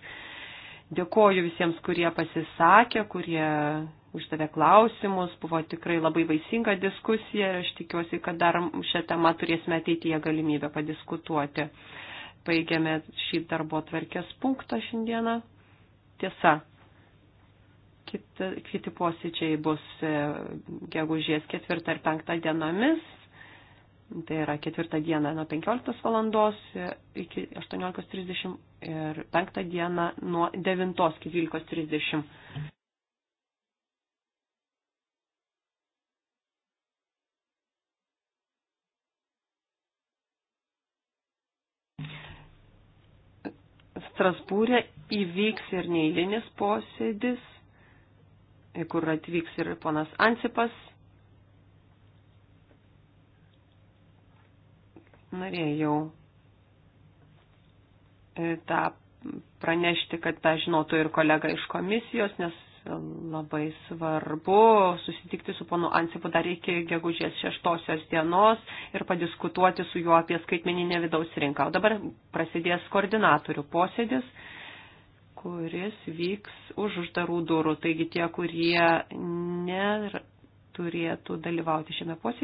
Dėkoju visiems, kurie pasisakė, kurie uždavė klausimus. Buvo tikrai labai vaisinga diskusija ir aš tikiuosi, kad dar šią temą turėsime ateityje galimybę padiskutuoti. Baigėme šį darbo tvarkės punktą šiandieną. Tiesa, kita, kiti posėdžiai bus e, gegužės 4 ir 5 dienomis. Tai yra 4 diena nuo 15 valandos e, iki 18.30 ir 5 diena nuo 9 iki 12.30. Strasbūrė įvyks ir neįlinis posėdis kur atvyks ir ponas Ansipas. Norėjau e, tą pranešti, kad tą žinotų ir kolega iš komisijos, nes labai svarbu susitikti su ponu Ansipu dar iki gegužės šeštosios dienos ir padiskutuoti su juo apie skaitmeninę vidaus rinką. O dabar prasidės koordinatorių posėdis kuris vyks už uždarų durų. Taigi tie, kurie neturėtų dalyvauti šiame posėdėje,